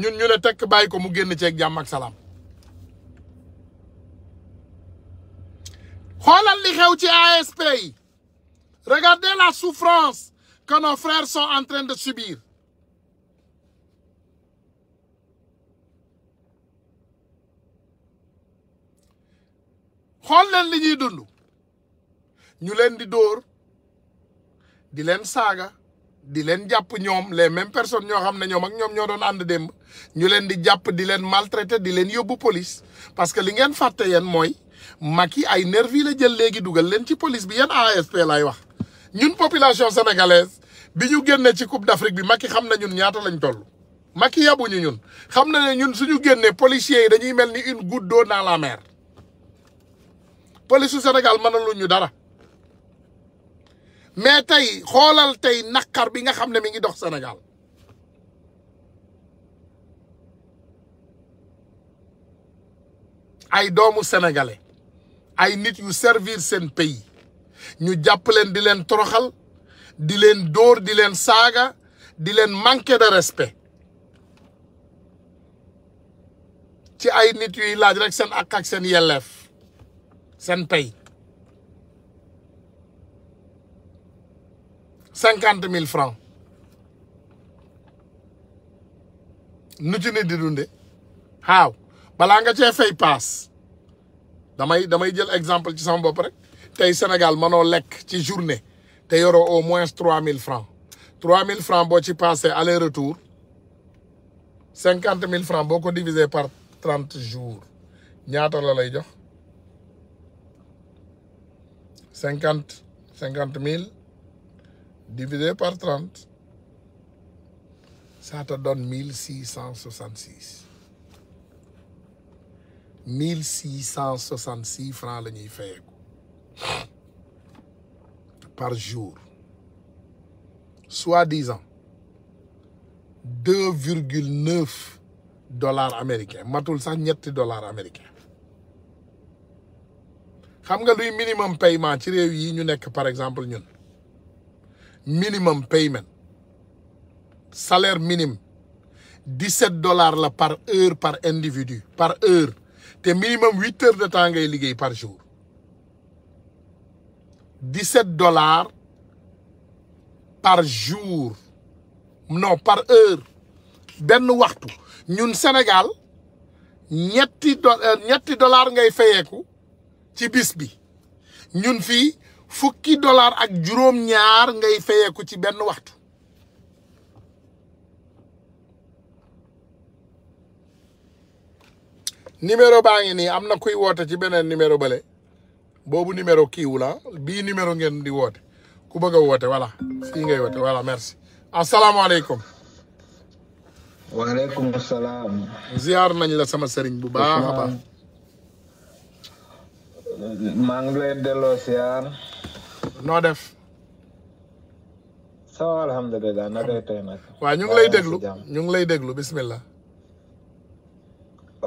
ñun ñu ne tekk bàyyi ko mu génn ceeg jàmm ak salaam. xoolal li xew ci ASP yi regardez la souffrance que nos frères sont en de subir. xool leen li ñuy dund ñu leen di dóor di leen saaga di leen jàpp ñoom les mêmes personnes ñoo xam ne ñoom ak ñoom ñoo doon ànd démb ñu leen di jàpp di leen maltraité di leen yóbbu police parce que li ngeen fàtte yeen mooy Macky ay nervi la jël léegi dugal leen ci police bi yeen ASP lay wax ñun population sénégalaise bi ñu génnee ci Coupe d'Afrique bi Macky xam na ñun ñaata lañ toll Macky yabuñu ñun xam na ne ñun suñu génnee policiers yi dañuy mel ni une goutte d'eau dans polisu Sénégal mënaluñ ñu dara mais tey xoolal tey naqar bi nga xam ne mi ngi dox Sénégal ay doomu sénégalais ay nit yu servir seen pays ñu jàpp leen di leen toroxal di leen dóor di leen saaga di leen manqué de respect ci ay nit yuy laaj rek seen ak ak seen yelleef seen pay cinquante mille francs nu ci nit di dunde xaaw balaa nga cee fay paas damay damay jël exemple ci sama bopp rek tey Sénégal mënoo lekk ci journée te yoro au moins trois mille francs trois mille francs boo ci passé aller retour cinquante mille francs boo ko divisé par trente jours ñaata la lay jox cinquante cinquante mille divisé par trente ça te donne mille six cent soixante six mille six cent soixante six la ñuy fayeeku par jour soit disant deux virgule neuf dollars américains matul sax ñetti dollars américains xam nga luy minimum paiement ci réew yi ñu nekk par exemple ñun minimum payment salaire minimum set dollars la par heure par individu par heure te minimum huit heures de temps ngay liggéey par jour set dollars par jour non par heure benn waxtu ñun Sénégal ñetti do euh, ngay fayeeku ci bis bi ñun fii fukki dollar ak juróom-ñaar ngay fayeeku ci benn waxtu numéro baa ngi nii am na kuy woote ci beneen numéro bale boobu numéro kiiwu la bii numéro ngeen di woote ku bëgg a woote voilà fii ngay woote voilà merci asalaamaaleykum waaleykum salaam ziar nañ la sama sëriñ bu baax a baax maa ngi lay delloo siyaar. noo def. ça va na koy tey nag. waaw ñu ngi lay déglu ñu ngi lay déglu bismillah.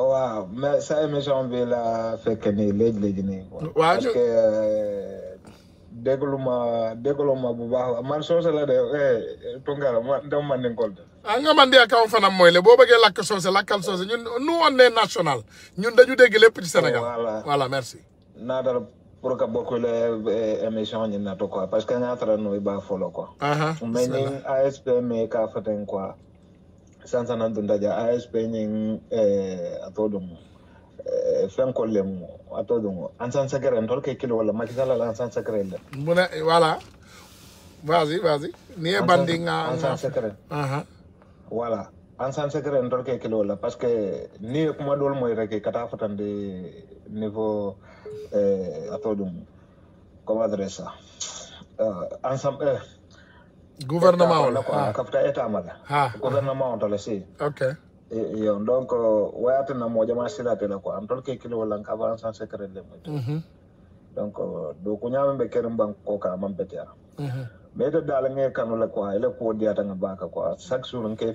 waaw mais sa émission bi la fekk nii léegi léegi nii. waaw parce que euh, ma déglu ma man soose la de eh, Tunkara ma dem ma de. ah nga man de kaw fanam mooy le boo bëggee lakk soose lakkal soose ñun nous on est national ñun dañu dégg lépp ci Sénégal. voilà merci. naatara pour ka bokkule eh, émission ñinnato quoi parce que ŋatara no i b'a folo quoi mais asp me ka feten quoi sansanan tun daja asp ñiŋ a to duŋ fɛn kol le mu a walla makisala la ansan secret le walla parce que ni kuma doolu moyi rek ka taa fatandi niveau Eh, ato ɗum comment adresse ça eh, ensemble eh, gouvernement wala ah. quoi kafta état mala ah. gouvernement on si ok yo donc wayatena mojama siratela quoi an tol ke kilo walla mhm. ka avant sans secret le donc do ko ñamamɓe kerim banko ka mambetea mais mhm. to dal la quoi ele nga baka quoi chaque jour nke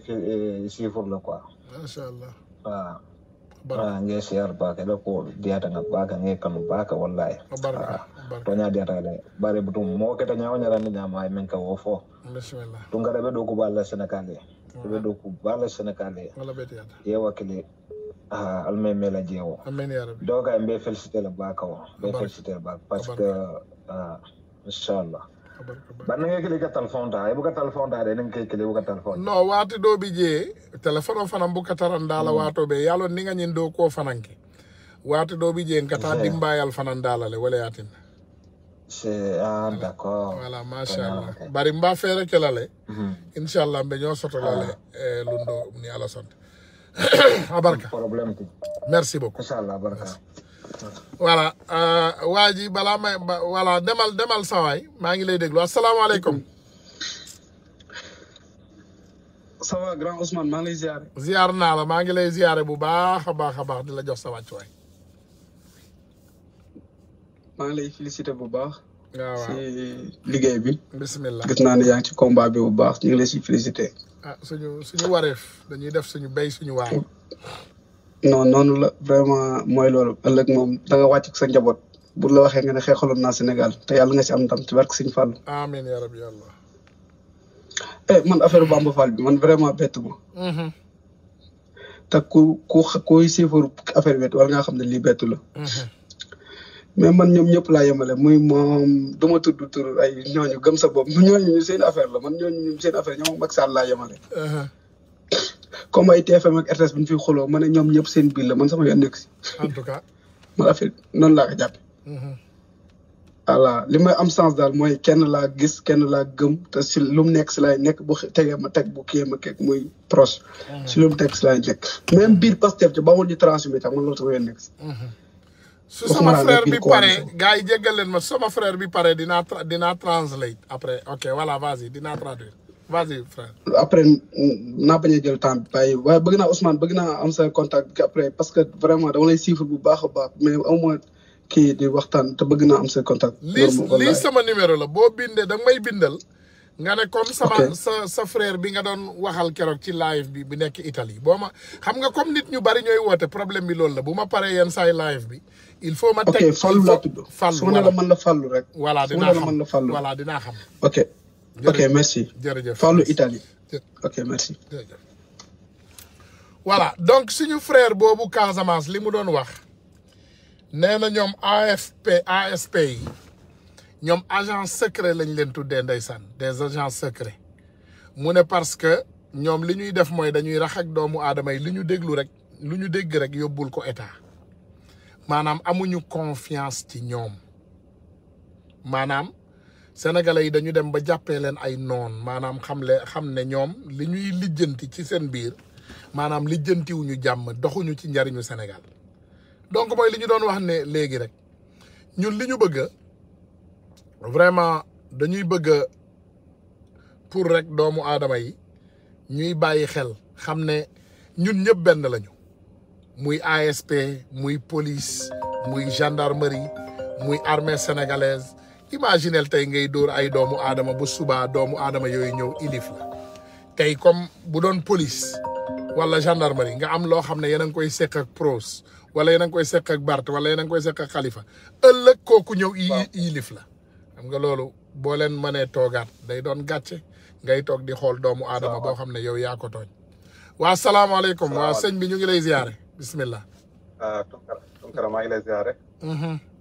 chiffre la quoi machallah waaw ah. Ah, nge siyar baka ɗo ko diyatanga baka nge kanu baka wallahi ah, toña diyatale bare butum mo keta ñawoñarande ñama min ka wo fo tu gara ɓe ɗo ko balla sénégalais ɓe ɗo ko balla sénégalais yewa jeewo donc mbe félicité la la baka parce que ah, inchallah banna ngeekili waati doo bi jee téléphone o fanan buka taran daala mm. waato be yaalon ni nga ñin doo koo fanan ke waati doo bi jee nka taa dimbayal fanan daala le wala yaatin c'est ah d'accord voilà allah bari mba feere ke la le mm-hmm. inchallah mbe ñoo soto la le ah. eh, lundo ni ala sant abarka problème merci beaucoup voilà euh, waa ji balaa may voilà demal demal sawaay maa ngi lay déglu asalaamaaleykum. ça va grand Ousmane maa ngi lay ziare. naa la maa ngi lay ziare bu baax a baax a baax di la jox sa wàccuwaay. maa ngi lay félicité bu baax. waaw si liggéey bi. bismillah gis naa ni yaa ci combat bi bu baax ñu ngi lay si félicité. Ah, suñu suñu wareef dañuy def suñu béy suñu waar. non noonu la vraiment mooy loolu ëllëg moom da nga sa njaboot bu la waxee nga ne xeexaloon naa Sénégal te yàlla nga ci am ndam ci barke Sëñ Fallou. amiin yaa rabbi yàlla. eh man affaire Bamba Fall bi man ma. Mm-hmm. te ku nga xam la. Mm-hmm. mais man ñoom ñëpp laa yemale muy moom du ma tudd tur ay ñooñu gëm sa affaire la man ñooñu seen affaire ñoom Macky Sall laa yemale. Mm-hmm. comme ay TFM ak RTS bu ñu fi xuloo ma ne ñoom seen biir la man sama yoon nekk mhm. li may am sens daal mooy kenn laa gis kenn laa gëm te si lu mu nekk si laay nekk bu tegee ma teg bu kiyee ma kek muy proche. Mhm. si lu mu teg si laay nekk. même biir Pastef ba mu di transhumer tax loolu sama yoon nekk si. Mhm. su sama bi pare gars translate après ok voilà vas-y dinaa vas-y frère. après naa bañ a jël temps bi waaye bëgg naa Ousmane bëgg naa am sa contact parce que vraiment dama lay suivre bu baax a baax mais au ki waxtaan te bëgg naa am sa contact. lii lii sama numéro la boo bindee da nga bindal. nga ne comme sama sa sa frère bi nga doon waxal keroog ci live bi bi nekk Italie boo ma xam nga comme nit ñu bari ñooy woote problème bi loolu la bu ma paree yenn saay live bi. il faut ma teg ok fallu laa tudd. fallu ne la mën la fallu rek. voilà dinaa xam su ma voilà dinaa xam. ok. ok merci. jërëjëf Fallou Italie. donc suñu frère boobu Casamance li mu doon wax nee na ñoom AFP ASP yi ñoom agent secret lañ leen tuddee ndeysaan des agents secrets mu ne parce que ñoom li ñuy def mooy dañuy rax doomu aadama yi li ñu déglu rek lu ñu dégg rek yóbbul ko état maanaam amuñu confiance ci ñoom maanaam. sénégalais yi dañu dem ba jàppee leen ay noon maanaam xam le xam ne ñoom li ñuy lijjanti ci seen biir maanaam lijjantiwuñu jàmm doxuñu ci njariñu Sénégal donc mooy li ñu doon wax ne léegi rek ñun li ñu bëgg vraiment dañuy bëgg pour rek doomu aadama yi ñuy bàyyi xel xam ne ñun ñëpp benn lañu muy ASP muy police muy gendarmerie muy armée sénégalaise imaginel tey ngay dóor ay doomu aadama bu suba doomu aadama yooyu ñëw ilif la tey comme bu doon police wala gendarmerie nga am loo xam ne yéen a ngi koy seq ak pros wala yéen a koy seq ak Bart wala yéen a ngi koy seq ak Khalifa ëllëg kooku ñëw ilif la xam nga loolu boo leen mënee toogaat day doon gàcce ngay toog di xool doomu aadama boo xam ne yow yaa ko tooñ waa salaamaaleykum waa sëñ bi ñu ngi lay ziare bismillah ah, maa ngi lay ziare mm-hmm.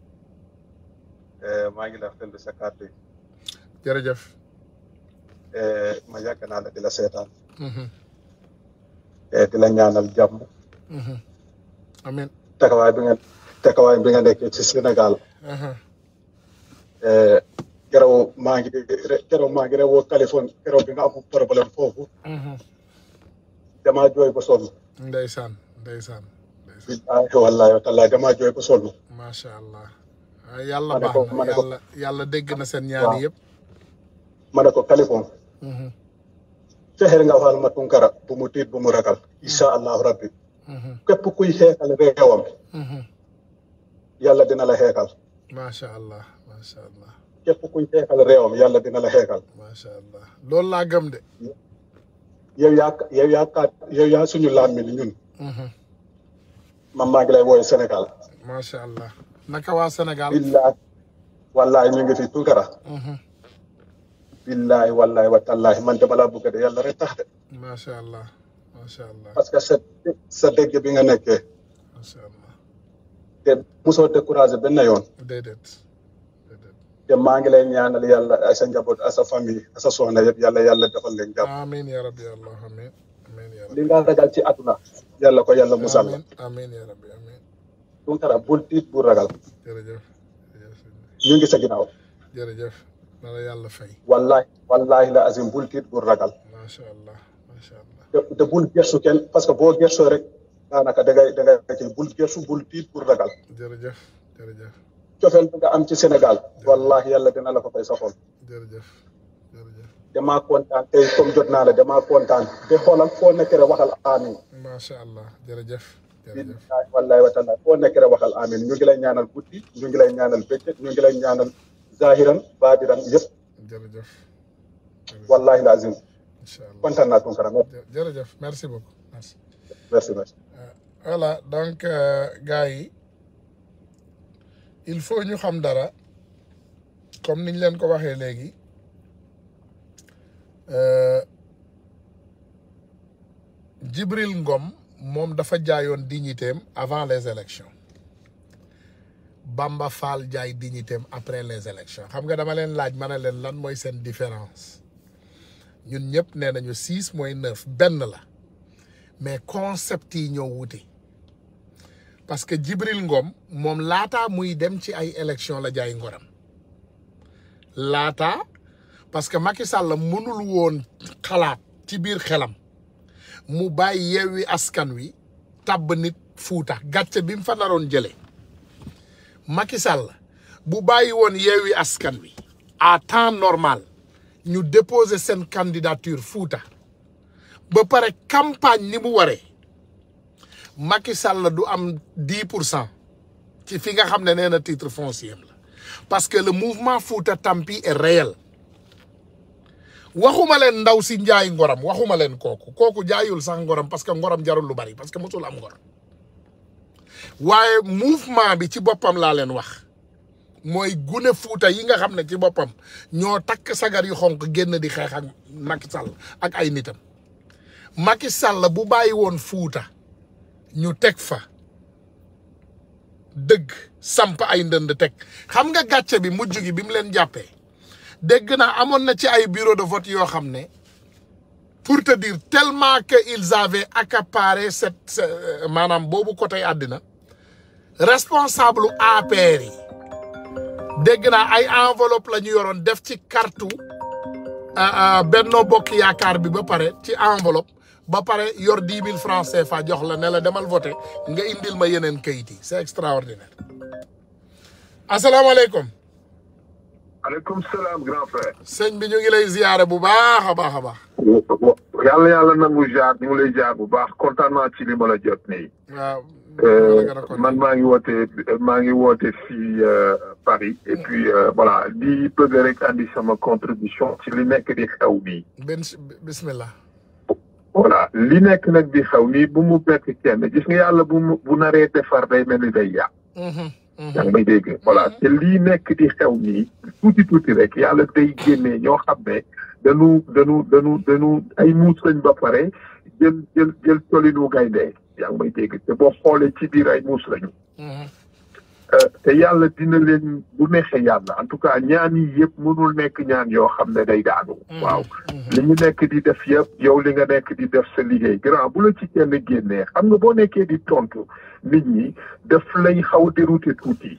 Eh, maa ngi la fellu sa kàddu yi. jërëjëf. Eh, ma yàgg naa la di la seetaan. Mm-hmm. Eh, di la ñaanal jàmm. Mm-hmm. amiin takawaay bi nga takawaay bi nga nekkee ci Sénégal. Mm-hmm. keroog maa ngi keroog maa ngi rewoo Californie keroog bi nga am problème foofu. damaa jooy ko allah. Ah, yàlla baax na yàlla yàlla dégg na seen ñaani yëpp. ma ne ko Kalifon. Mhm. fexeel nga waxal ma Tunkara bu mu tiit bu mu ragal. Mhm. incha allahu mhm. dina la xeexal. macha allah macha allah. képp kuy xeexal réewam yàlla dina la xeexal. macha allah loolu laa gëm de. yow yaa yow yaa kaat yow yaa lay woowee Sénégal. macha allah. naka waa Sénégal. billaay wallaay ñu ngi fi Tunkara. Mhm. billaay wallaay wa tallaahi man de balaa bëgg de yàlla rek tax de. macha allah allah. parce que sa sa dëgg bi nga nekkee. macha allah. te mosoo découragé benn yoon. te maa ngi lay ñaanal yàlla ak sa njaboot ak sa famille ak sa soxna yëpp yàlla yàlla te leen jàmm. amiin yaa rabbi rabbi. li nga ragal ci àdduna. yàlla ko yàlla musal rabbi amiin. Tounkara bul tiit bul ragal. jërëjëf ñu ngi sa ginnaaw. jërëjëf yàlla fay. wallahi wallahi la azim bul tiit bul ragal. macha allah macha bul gëstu kenn parce que boo gëstoo rek daanaka da ngay da ngay kii bul gëstu bul tiit bul ragal. jërëjëf jërëjëf. cofeel bi am ci Sénégal. wallahi yàlla dina la ko fay sa xol. jërëjëf jërëjëf. damaa kontaan tey jot naa la damaa kontaan te xoolal foo nekk rek waxal amiin. macha allah jërëjëf. billaahi wallaahi wa taala ñu ngi lay ñaanal guddi ñu ngi lay ñaanal bëccëg ñu ngi lay ñaanal zahiran baadiran yëpp jërëjëf wallaahi laazim kontaan naa Tounkara jërëjëf merci beaucoup merci merci merci euh, donc euh, gars yi il faut ñu xam dara comme niñ leen ko waxee léegi euh, Jibril Ngom moom dafa jaayoon dignitéem avant les élections Bamba Fall jaay dignitéem après les élections xam nga dama leen laaj ma ne leen lan mooy seen différence ñun ñëpp nee nañu six mooy neuf benn la mais concept yi ñoo wuti parce que Djibril ngoom moom laataa muy dem ci ay élections la jaay ngoram laata parce que Macky Sall mënul woon xalaat ci biir xelam mu bàyyi wi Askan Wi tàbb nit fuuta gàcce bi mu fa naroon jëlee Macky Sall bu bàyyi woon wi Askan Wi à temps normal ñu déposer seen candidature fuuta ba pare campagne ni mu waree Macky la du am dix pour cent ci fi nga xam ne nee na titre foncier la parce que le mouvement Fouta Tampi est réel waxuma leen ndaw si njaay ngoram waxuma leen kooku kooku jaayul sax ngoram parce que ngoram jarul lu bari parce que mosul am ngor waaye mouvement bi ci boppam laa leen wax mooy gune fuuta yi nga xam ne ci boppam ñoo takk sagar yu xonq génn di xeex ak Macky Sall ak ay nitam Macky Sall bu bàyyi woon fuuta ñu teg fa dëgg samp ay ndënd teg xam nga gàcce bi mujj bi mu leen jàppee dégg naa amoon na ci ay bureau de vote yoo xam ne pour te dire tellement que ils avaient accaparé cette maanaam boobu côté àddina responsable APR yi dégg naa ay enveloppe la ñu yoroon def ci kartu euh, euh, Benno Bokk Yaakaar bi ba pare ci enveloppe ba pare yor dix mille francs CFA jox la ne la demal voté nga indil ma yeneen kayit yi c'est extraordinaire asalaamaaleykum aleykum salaam grand frère. sëñ bi ñu ngi lay ziare bu baax a baax a baax. yàlla yàlla nangu ziar ñu ngi lay ziar bu baax kontaan naa ci li ma la jot nii. Euh, man maa ngi woote maa ngi woote fii euh, Paris et puis euh, voilà di bëgg rek andi sama contribution ci li nekk di xew nii. benn bismillah. voilà li nekk nag di xew nii bu mu nekk kenn gis nga yàlla bu mu bu naree defar day mel ni day yàq. Mhm. yaa ngi mhm. may dégg voilà mhm. te lii nekk di xew nii tuuti tuuti rek yàlla tey génnee ñoo xam ne dañu dañu dañu dañu ay muus lañ ba pare jël jël jël colinu gaynde yaa ngi may dégg te boo xoolee ci biir ay muus lañu mhm. te yàlla dina leen bu neexee yàlla en tout cas ñaan yi yëpp mënul nekk ñaan yoo xam ne day daanu. Mm-hmm. waaw mm-hmm. li ñu nekk di def yëpp yow li nga nekk di def sa liggéey grand bu la ci kenn génnee xam nga boo nekkee di tontu nit ñi daf lay xaw dérouté tuuti.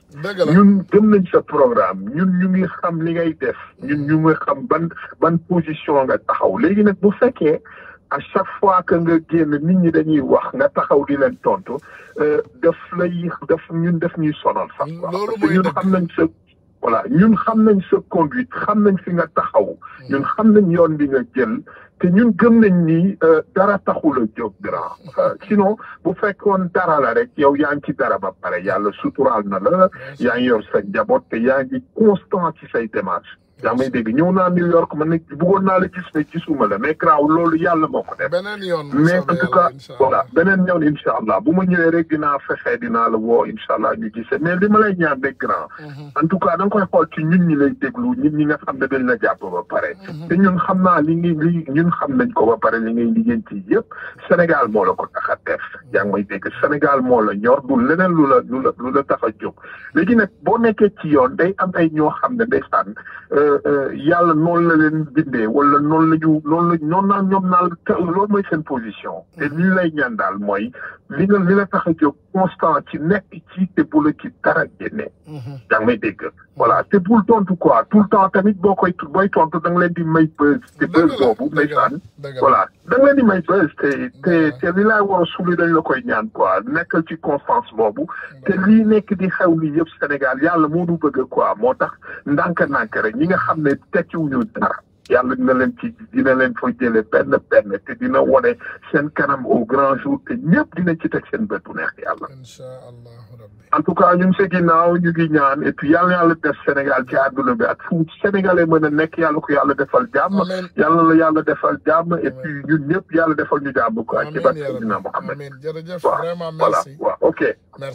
ñun gëm nañ sa programme ñun ñu ngi xam li ngay def ñun ñu ngi xam ban ban position nga taxaw léegi nag bu fekkee. à chaque fois que nga génn nit ñi dañuy wax nga taxaw di leen tontu euh, daf lay def ñun def ñuy sonal sax mm, quoi ñun xam nañ sa voilà ñun xam nañ sa conduite xam nañ fi nga taxaw mm. ñun xam nañ yoon bi nga jël te ñun gëm nañ ni euh, dara taxul a jóg grand euh, sinon bu fekkoon dara la rek yow yaa ngi ci dara ba pare yàlla suturaal na la yaa ngi yor sa njaboot te yaa ngi constant ci say démarche yaa may dégg ñëw naa New York ma nag bëggoon naa la gis ne gisuma la mais graaw loolu yàlla moo ko def. yoon mais en tout cas voilà beneen yoon incha allah bu ma ñëwee rek dinaa fexe dinaa la woo incha allah ñu gisee mais li ma lay ñaan de grand. Mhm. en tout cas da koy xool ci ñun ñi lay déglu ñun ñi nga xam ne dañ la jàpp ba pare. Mhm. te ñun xam naa li ngi li ñun xam nañ ko ba pare li ngay liggéey ci yëpp Sénégal moo la ko tax a def. yaa ngi may dégg Sénégal moo la ñor du leneen lu la lu la lu la tax a jóg léegi nag boo nekkee ci yoon day am ay ñoo xam ne day sànn Euh, euh, yàlla noonu la leen bindee wala noonu la ñu noonu la noonu naa ñoom naa loolu mooy seen position mm-hmm. te li lay ñaan daal mooy li nga li la tax a constant ci nekk ci te bu ci dara génne da mhm. nga may dégg voilà te bul tontu quoi tout le temps tamit boo koy booy tontu da nga leen di may buzz te buzz boobu may saan voilà da nga leen di may buzz te te te li laay war suuli dañ la koy ñaan quoi nekkal ci constance boobu te lii nekk di xew li yëpp Sénégal yàlla moo du bëgg quoi moo tax ndànk-ndànk rek ñi nga xam ne tekkiwuñu dara yàlla dina leen ci dina leen fa jële benn benn te dina wone seen kanam au grand jour te ñëpp dina ci teg seen bët bu neex yàlla en tout cas ñu ñun se ginnaaw ñu ngi ñaan et puis yàlla def Sénégal ci àdduna bi ak fu sénégalais mën a nekk yàlla ko yàlla defal jàmm yàlla la yàlla defal jàmm et puis ñun ñëpp yàlla defal ñu jàmm ko ci bat Seydina Mohamed waaw voilà waaw ok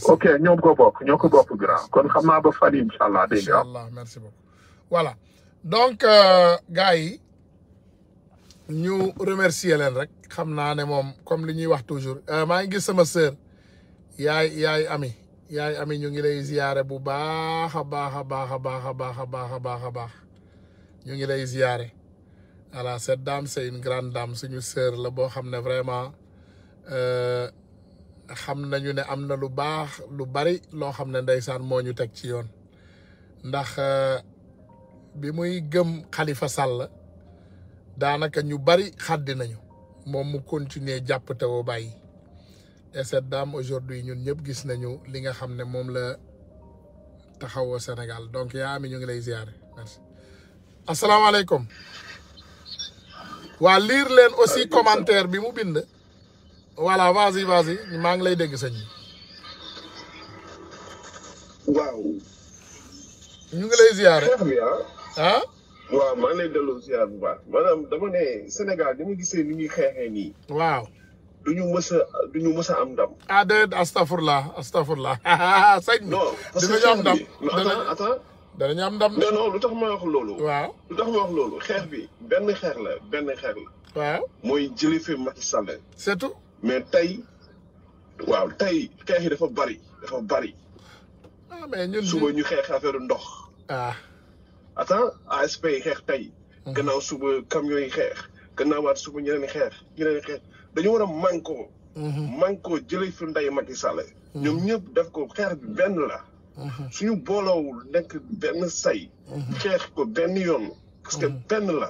ok ñoo ko bokk ñoo ko bokk grand kon xam naa ba fan yi incha allah dégg nga voilà donc euh, gars yi ñu remercier leen rek xam naa ne moom comme li ñuy wax toujours euh, maa ngi gis sama sœur yaay yaay ami yaay ami ñu ngi lay ziyaare bu baax a baax a baax a baax a baax a baax a baax a baax ñu ngi lay ziyaare voilà cette dame c'est une grande dame suñu sœur la boo xam ne vraiment euh, xam nañu ne am na lu baax lu bari loo xam ne ndeysaan moo ñu teg ci yoon ndax bi muy gëm Khalifa Sall daanaka ñu bari xàddi nañu moom mu continuer jàpp te woo bàyyi et cette dame ñun ñëpp gis nañu li nga xam ne moom la taxawoo Sénégal donc yaa ami i ngi lay ziare merci asalaamaaleykum waa lire bi maa ngi lay dégg sëñ ñu ngi lay ziare ah. waaw maa ngi lay delloo ziar bu baax maanaam dama ne Sénégal dama gisee ni ñuy xeexee nii. waaw. du ñu mës du ñu mës am ndam. ah déedéet astafurlah astafurlah sëñ bi. parce que am ndam danañu am ndam. non non lu tax ma wax loolu. waaw lu tax ma wax loolu xeex bi benn xeex la benn xeex la. waaw mooy jëlee fi Macky Sall. surtout mais tey. waaw tey xeex yi dafa bari dafa bari. ah mais ñun suba ñu xeex affaire ndox. Ah. a ASP yi xeex tey. Mhm. gannaaw suba camion yi xeex. gannaawaat suba ñeneen i xeex ñeneen i xeex dañu war a mànkoo. mànkoo mhm. jëlee fi mag yi Sall. Mhm. ñoom ñëpp def ko xeex bi benn la. suñu booloowul nekk benn say. xeex ko benn yoon. parce que benn la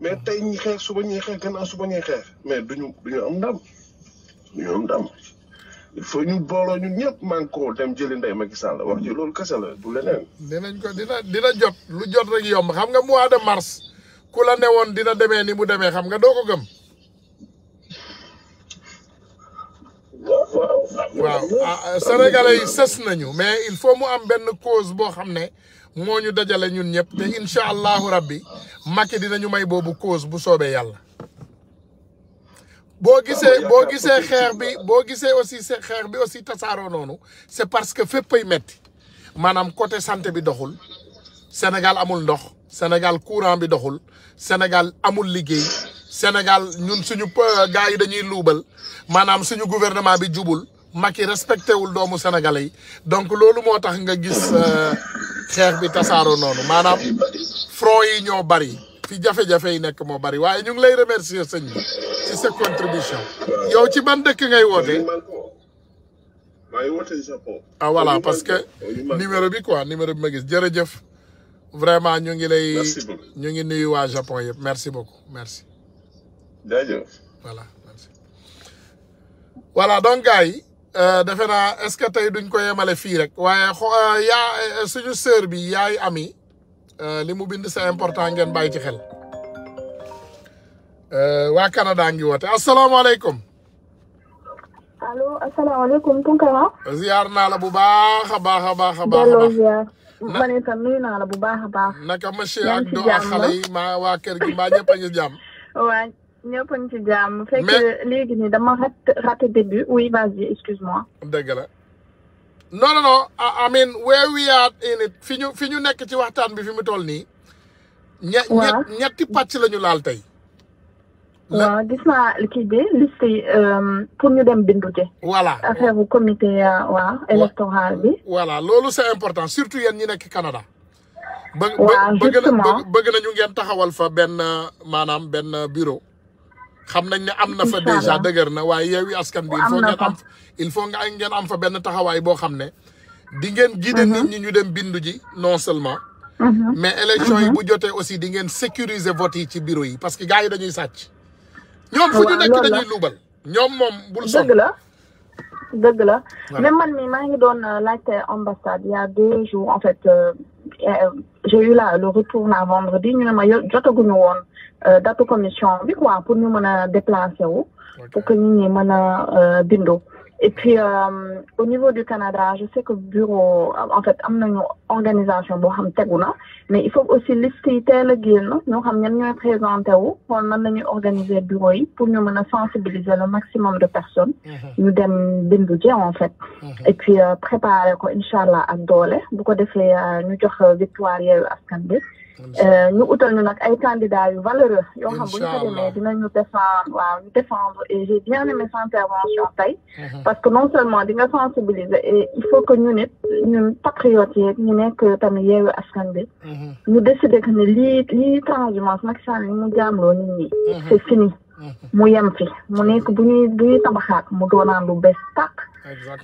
mais tey ñi xeex suba ñuy xeex gannaaw suba ñuy xeex mais duñu duñu am ndam duñu am ndam. il faut ñu booloo ñun ñëpp man koo dem jëli i Macky Sall wax ji loolu kese la du leneen. dinañ ko dina dina jot lu jot rek yomb xam nga mois de mars ku la newoon dina demee ni mu demee xam nga doo ko gëm. waaw ah, ah, sénégalais sës nañu mais il faut mu am benn cause boo xam ne moo ñu dajale ñun ñëpp te incha allahu rabbi Macky dinañu may boobu cause bu soobee yàlla. boo gisee boo gisee xeex bi boo gisee aussi xeex bi aussi tasaaroo noonu c'est parce que féppay metti maanaam côté santé bi doxul Sénégal amul ndox Sénégal courant bi doxul Sénégal amul liggéey Sénégal ñun suñu gars yi dañuy luubal maanaam suñu gouvernement bi jubul Macky respecté wul doomu sénégalais yi donc loolu moo tax nga gis euh, xeex bi tasaaroo noonu maanaam front yi ñoo bari fi jafe-jafe yi nekk moo bari waaye ñu ngi lay remercier sëñ bi sa contribution yow ci ban dëkk ngay woote ah voilà parce que numéro bi quoi numéro bi ma gis jërëjëf vraiment ñu ngi lay ñu ngi nuyu waa Japon yëpp merci beaucoup merci jaajëf voilà merci voilà donc gars yi euh, defe naa est-ce que tey duñ ko yemale fii rek waaye euh, yaa euh, suñu sœur bi yaay ami Euh, li mu bind c'est important ngeen bàyyi ci xel euh, waa Canada ngi woote asalaamaaleykum. allo asalaamaaleykum Tunkara. ziar naa la bu baax a baax a baax a baax. delloo ziar. man itam nuyu naa la bu baax a baax. naka monsieur ak doo ak xale yi ah? maa waa kër gi maa ñëpp a ngi jàmm. waa ñëpp a ngi ci jàmm. mais non non non I mean where we fi ñu nekk ci waxtaan bi fi mu toll nii. waaw ñetti pàcc lañu laal tey. waaw gis naa kii bi liste yi euh, ñu dem bindu ci. voilà affaire bu comité euh, waaw électoral bi. voilà loolu c'est important surtout yéen ñu nekk Canada. waaw justement bëgg bëgg nañu ngeen taxawal fa benn maanaam benn bureau. xam nañ ne am na fa déjà dëgër na waaye yeewi askan bi il faut ngeen am il faut nga ngeen am fa benn taxawaay boo xam ne di ngeen guider mhm. nit ñi ñu dem bindu ji non seulement mhm. mais élection yi mhm. bu jotee aussi di ngeen sécuriser vote yi ci bureau yi parce que gars yi dañuy sàcc ñoom fu ñu nekk dañuy luubal ñoom moom bul sonn la dëgg la man mi maa ngi doon euh, laajte ambassade il y a deux jours en fait euh, euh, j'ai eu là le retour vendredi ñu ne ma jotaguñu woon dato commission bi quoi pour ñu mën a déplacer wu pour que nit ñi mën a bindu et puis euh, au niveau du Canada je sais que bureau euh, en fait am nañu organisation boo xam tegu na mais il faut aussi liste yi teel a ñoo xam ñan ñooy présenté wu xool nan la ñuy organiser bureau yi pour ñu mën a sensibiliser le maximum de personnes mm-hmm. ñu dem bindu ji en fait mm-hmm. et euh, préparer ko incha allah ak doole bu ko defee ñu jox victoire yooyu askan bi Eh, ñu utal ñu nag ay candidats yu valeureux yoo xam bu ñu ko demee dinañu défendre waaw ñu défendre et j'ai bien aimé sa intervention tey mm-hmm. parce que non seulement di nga sensibiliser et il faut que ñu nit ñun patriotes ñu nekk tamit yeewu askan bi mm-hmm. ñu décider que ne lii lii transhumance Macky Sall mu jaamloo nit ñi mm-hmm. c'est fini mu yem fi mu nekk bu ñuy tabaxaat mu doonaan lu bees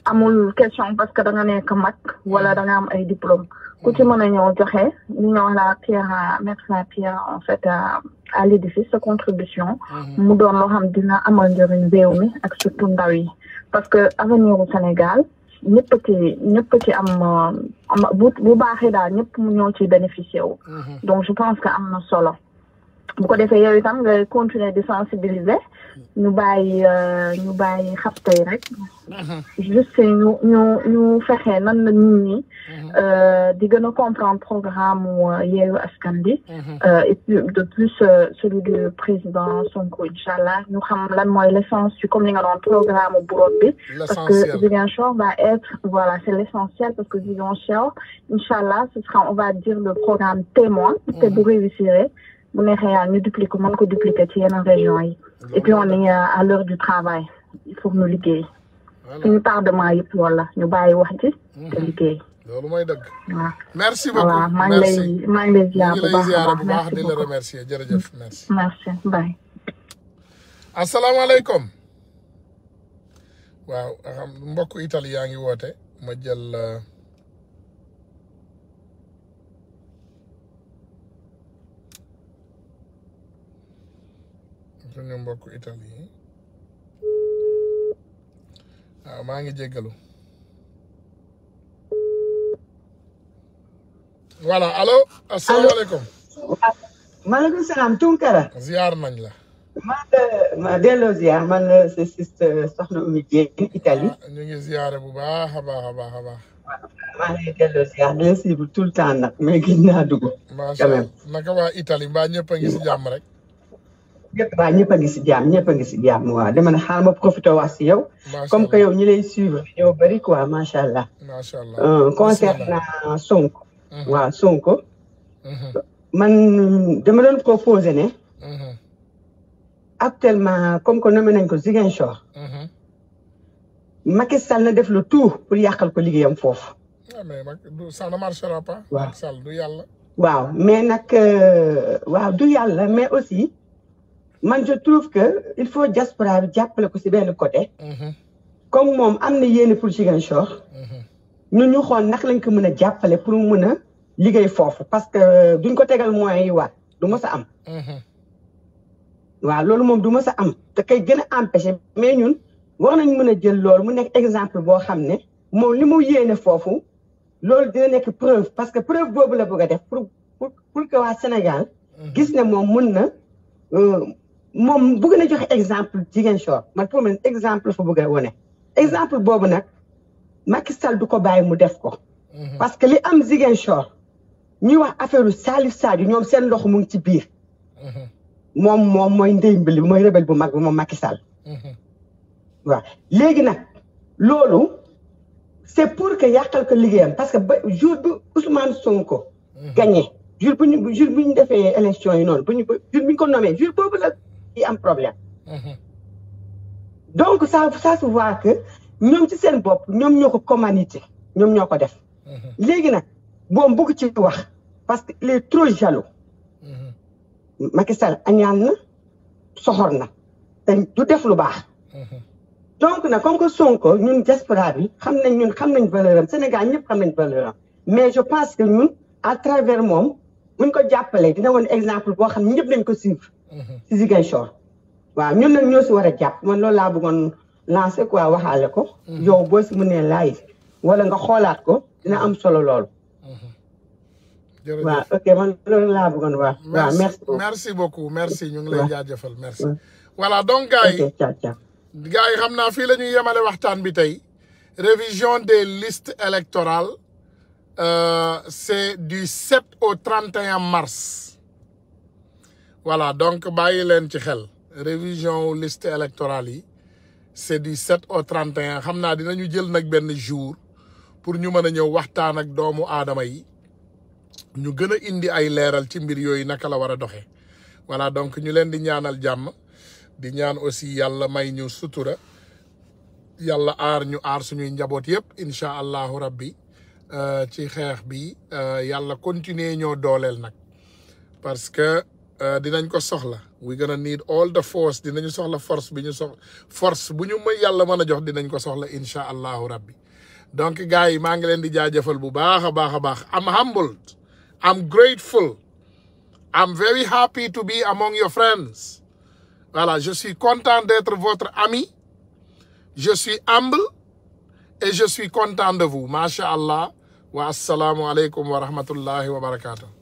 amul question parce que da nga nekk mag wala da am ay diplôme ku ci mën a ñëw joxe ñu ñëw la pierre à mettre la pierre en fait à à l'édifice sa contribution mhm. mu doon loo xam dina amal njëriñ réew mi ak surtout ndaw yi parce que avenir u Sénégal ñëpp ci ñëpp ci am bu bu baaxee daal ñëpp mu ñëw ci bénéficier wu mhm. donc je pense que am na solo bu ko defee yow itam nga continuer di sensibiliser ñu bàyyi euh, ñu bàyyi xabta yi rek uh-huh. juste ñu ñu ñu fexe nan la uh-huh. euh, gën a comprendre programme euh, Yewwi Askan Wi uh-huh. et puis de plus celui du président Sonko incha allah ñu xam lan mooy l'essence du comme li nga doon programme buróot parce que Ziguinchor va être voilà c'est l'essentiel parce que Ziguinchor incha allah ce sera on va dire le programme témoin te bu réussir bu neexee yàlla ñu dupliquer ko mën ko dupliquer ci yeneen région yi et on est euh, à l'heure du travail il faut ñu liggéey suñu tardement yëpp wala ñu bàyyi wax ci te mhm. liggéey dëgg. waaw merci beaucoup voilà lay maa lay ziar bu merci di la remercier jërëjëf merci. merci bye. asalaamaaleykum. waaw mbokk Italie yaa ngi woote ma jël. Euh, suñu mbokk Italie yi maa ngi jéggalu voilà allo asalaamaaleykum maaleykum salaam Tunkara ziar nañ la man ma delloo ziar man la sa sister soxna Oumy Dieng Italie ah, ngi ziare bu baax a baax a baax a baax maa ngi delloo ziar di la suivre tout le nag mais gis naa dugg quand même naka waa Italie mbaa ñëpp a jàmm rek waaw ñëpp a ngi si jàmm ñëpp a ngi si jàmm waaw dama ne xaal ma wax si yow. comme que yow ñi lay suivre yow bëri quoi macha allah. macha allah euh, concernant Sonko. Mhm. waaw Sonko. Mhm. man dama doon proposé ne. Mhm. actuellement comme que nommé nañ ko Ziguinchor. Macky Sall na def le tout pour yàqal ko liggéeyam foofu. Ah, waaw mais ça euh, waaw du yàlla mais aussi. man je trouve que il faut diaspora bi jàppale ko ci benn côté. Mhm. comme moom am na yéene pour Ziguinchor. Mhm. ñun ñu xool naka lañ ko mën a jàppale pour mu mën a liggéey foofu parce que duñ ko tegal moyens yi waat du ma sa am. Mhm. waaw loolu moom du ma sa am te kay gën a empêché mais ñun wax nañ mën a jël loolu mu nekk exemple boo xam ne moom li mu yéene foofu loolu dina nekk preuve parce que preuve boobu la bëgg a def pour pour pour que waa Sénégal. gis ne moom mën na. Euh, moom bëgg na joxe exemple Ziguinchor man pour man exemple fa bëgg a wane exemple boobu nag Macky Sall du ko bàyyi mu def ko. Mhm. parce que li am Ziguinchor ñuy wax affaire Salif Sadio ñoom seen loxo mu ngi ci biir. Mhm. moom moom mooy ndey mbili mooy rebelle bu mag bi moom Macky Sall. Mhm. léegi nag loolu c'est pour que yàqal ko liggéeyam parce que ba jour bu Ousmane Sonko. gagné jour bu ñu jur bi ñu defee élection yi noonu bu ñu jour bu ñu ko nommé jour boobu la. yi am problème. donc ça ça se ci seen bopp ñoom ñoo ko communauté ñoom ñoo ko def. léegi nag boo bëgg ci wax parce que il est trop jaloux. Macky Sall añaan na soxor na te du def lu baax. donc nag comme que Sonko ñun diaspora xam nañ ñun xam nañ valeur Sénégal ñëpp xam nañ valeur mais je pense que ñun à travers moom buñ ko jàppalee dina woon exemple boo xam ñëpp nañ ko suivre. si Ziguinchor waaw ñun nag ñoo si war a jàpp man loolu laa bëggoon lancer quoi waxaale ko. Mhm. yow boo si mënee laay wala nga xoolaat ko dina am solo loolu. Mhm. waaw ok man loolu laa bëggoon waaw. waaw merci beaucoup merci beaucoup ñu ngi lay jaajëfal merci. voilà donc gars yi gars yi xam naa fii la ñuy yemale waxtaan bi tey révision des listes électorales euh, c'est du 7 au 31 mars. voilà donc bàyyi leen ci xel révision liste électorale yi c'est du 7 au 31 xam naa dinañu jël nag benn jour pour ñu mën a ñëw waxtaan ak doomu aadama yi ñu gën a indi ay leeral ci mbir yooyu naka la war a doxee voilà donc ñu leen di ñaanal jàmm di ñaan aussi yàlla may ñu sutura yàlla aar ñu aar suñuy njaboot yëpp incha allahu rabbi euh, ci xeex bi euh, yàlla continuer ñoo dooleel nag parce que Euh, dinañ ko soxla we gonna need all the force dinañ soxla force bi ñu sox force bu ñu may yàlla mën a jox dinañ ko soxla incha allahu rabbi donc gars yi maa ngi leen di jaajëfal bu baax a baax a baax am humbled am grateful am very happy to be among your friends voilà je suis content d'être votre ami je suis humble et je suis content de vous macha allah wa asalaamualeykum wa rahmatullahi wa barakatuh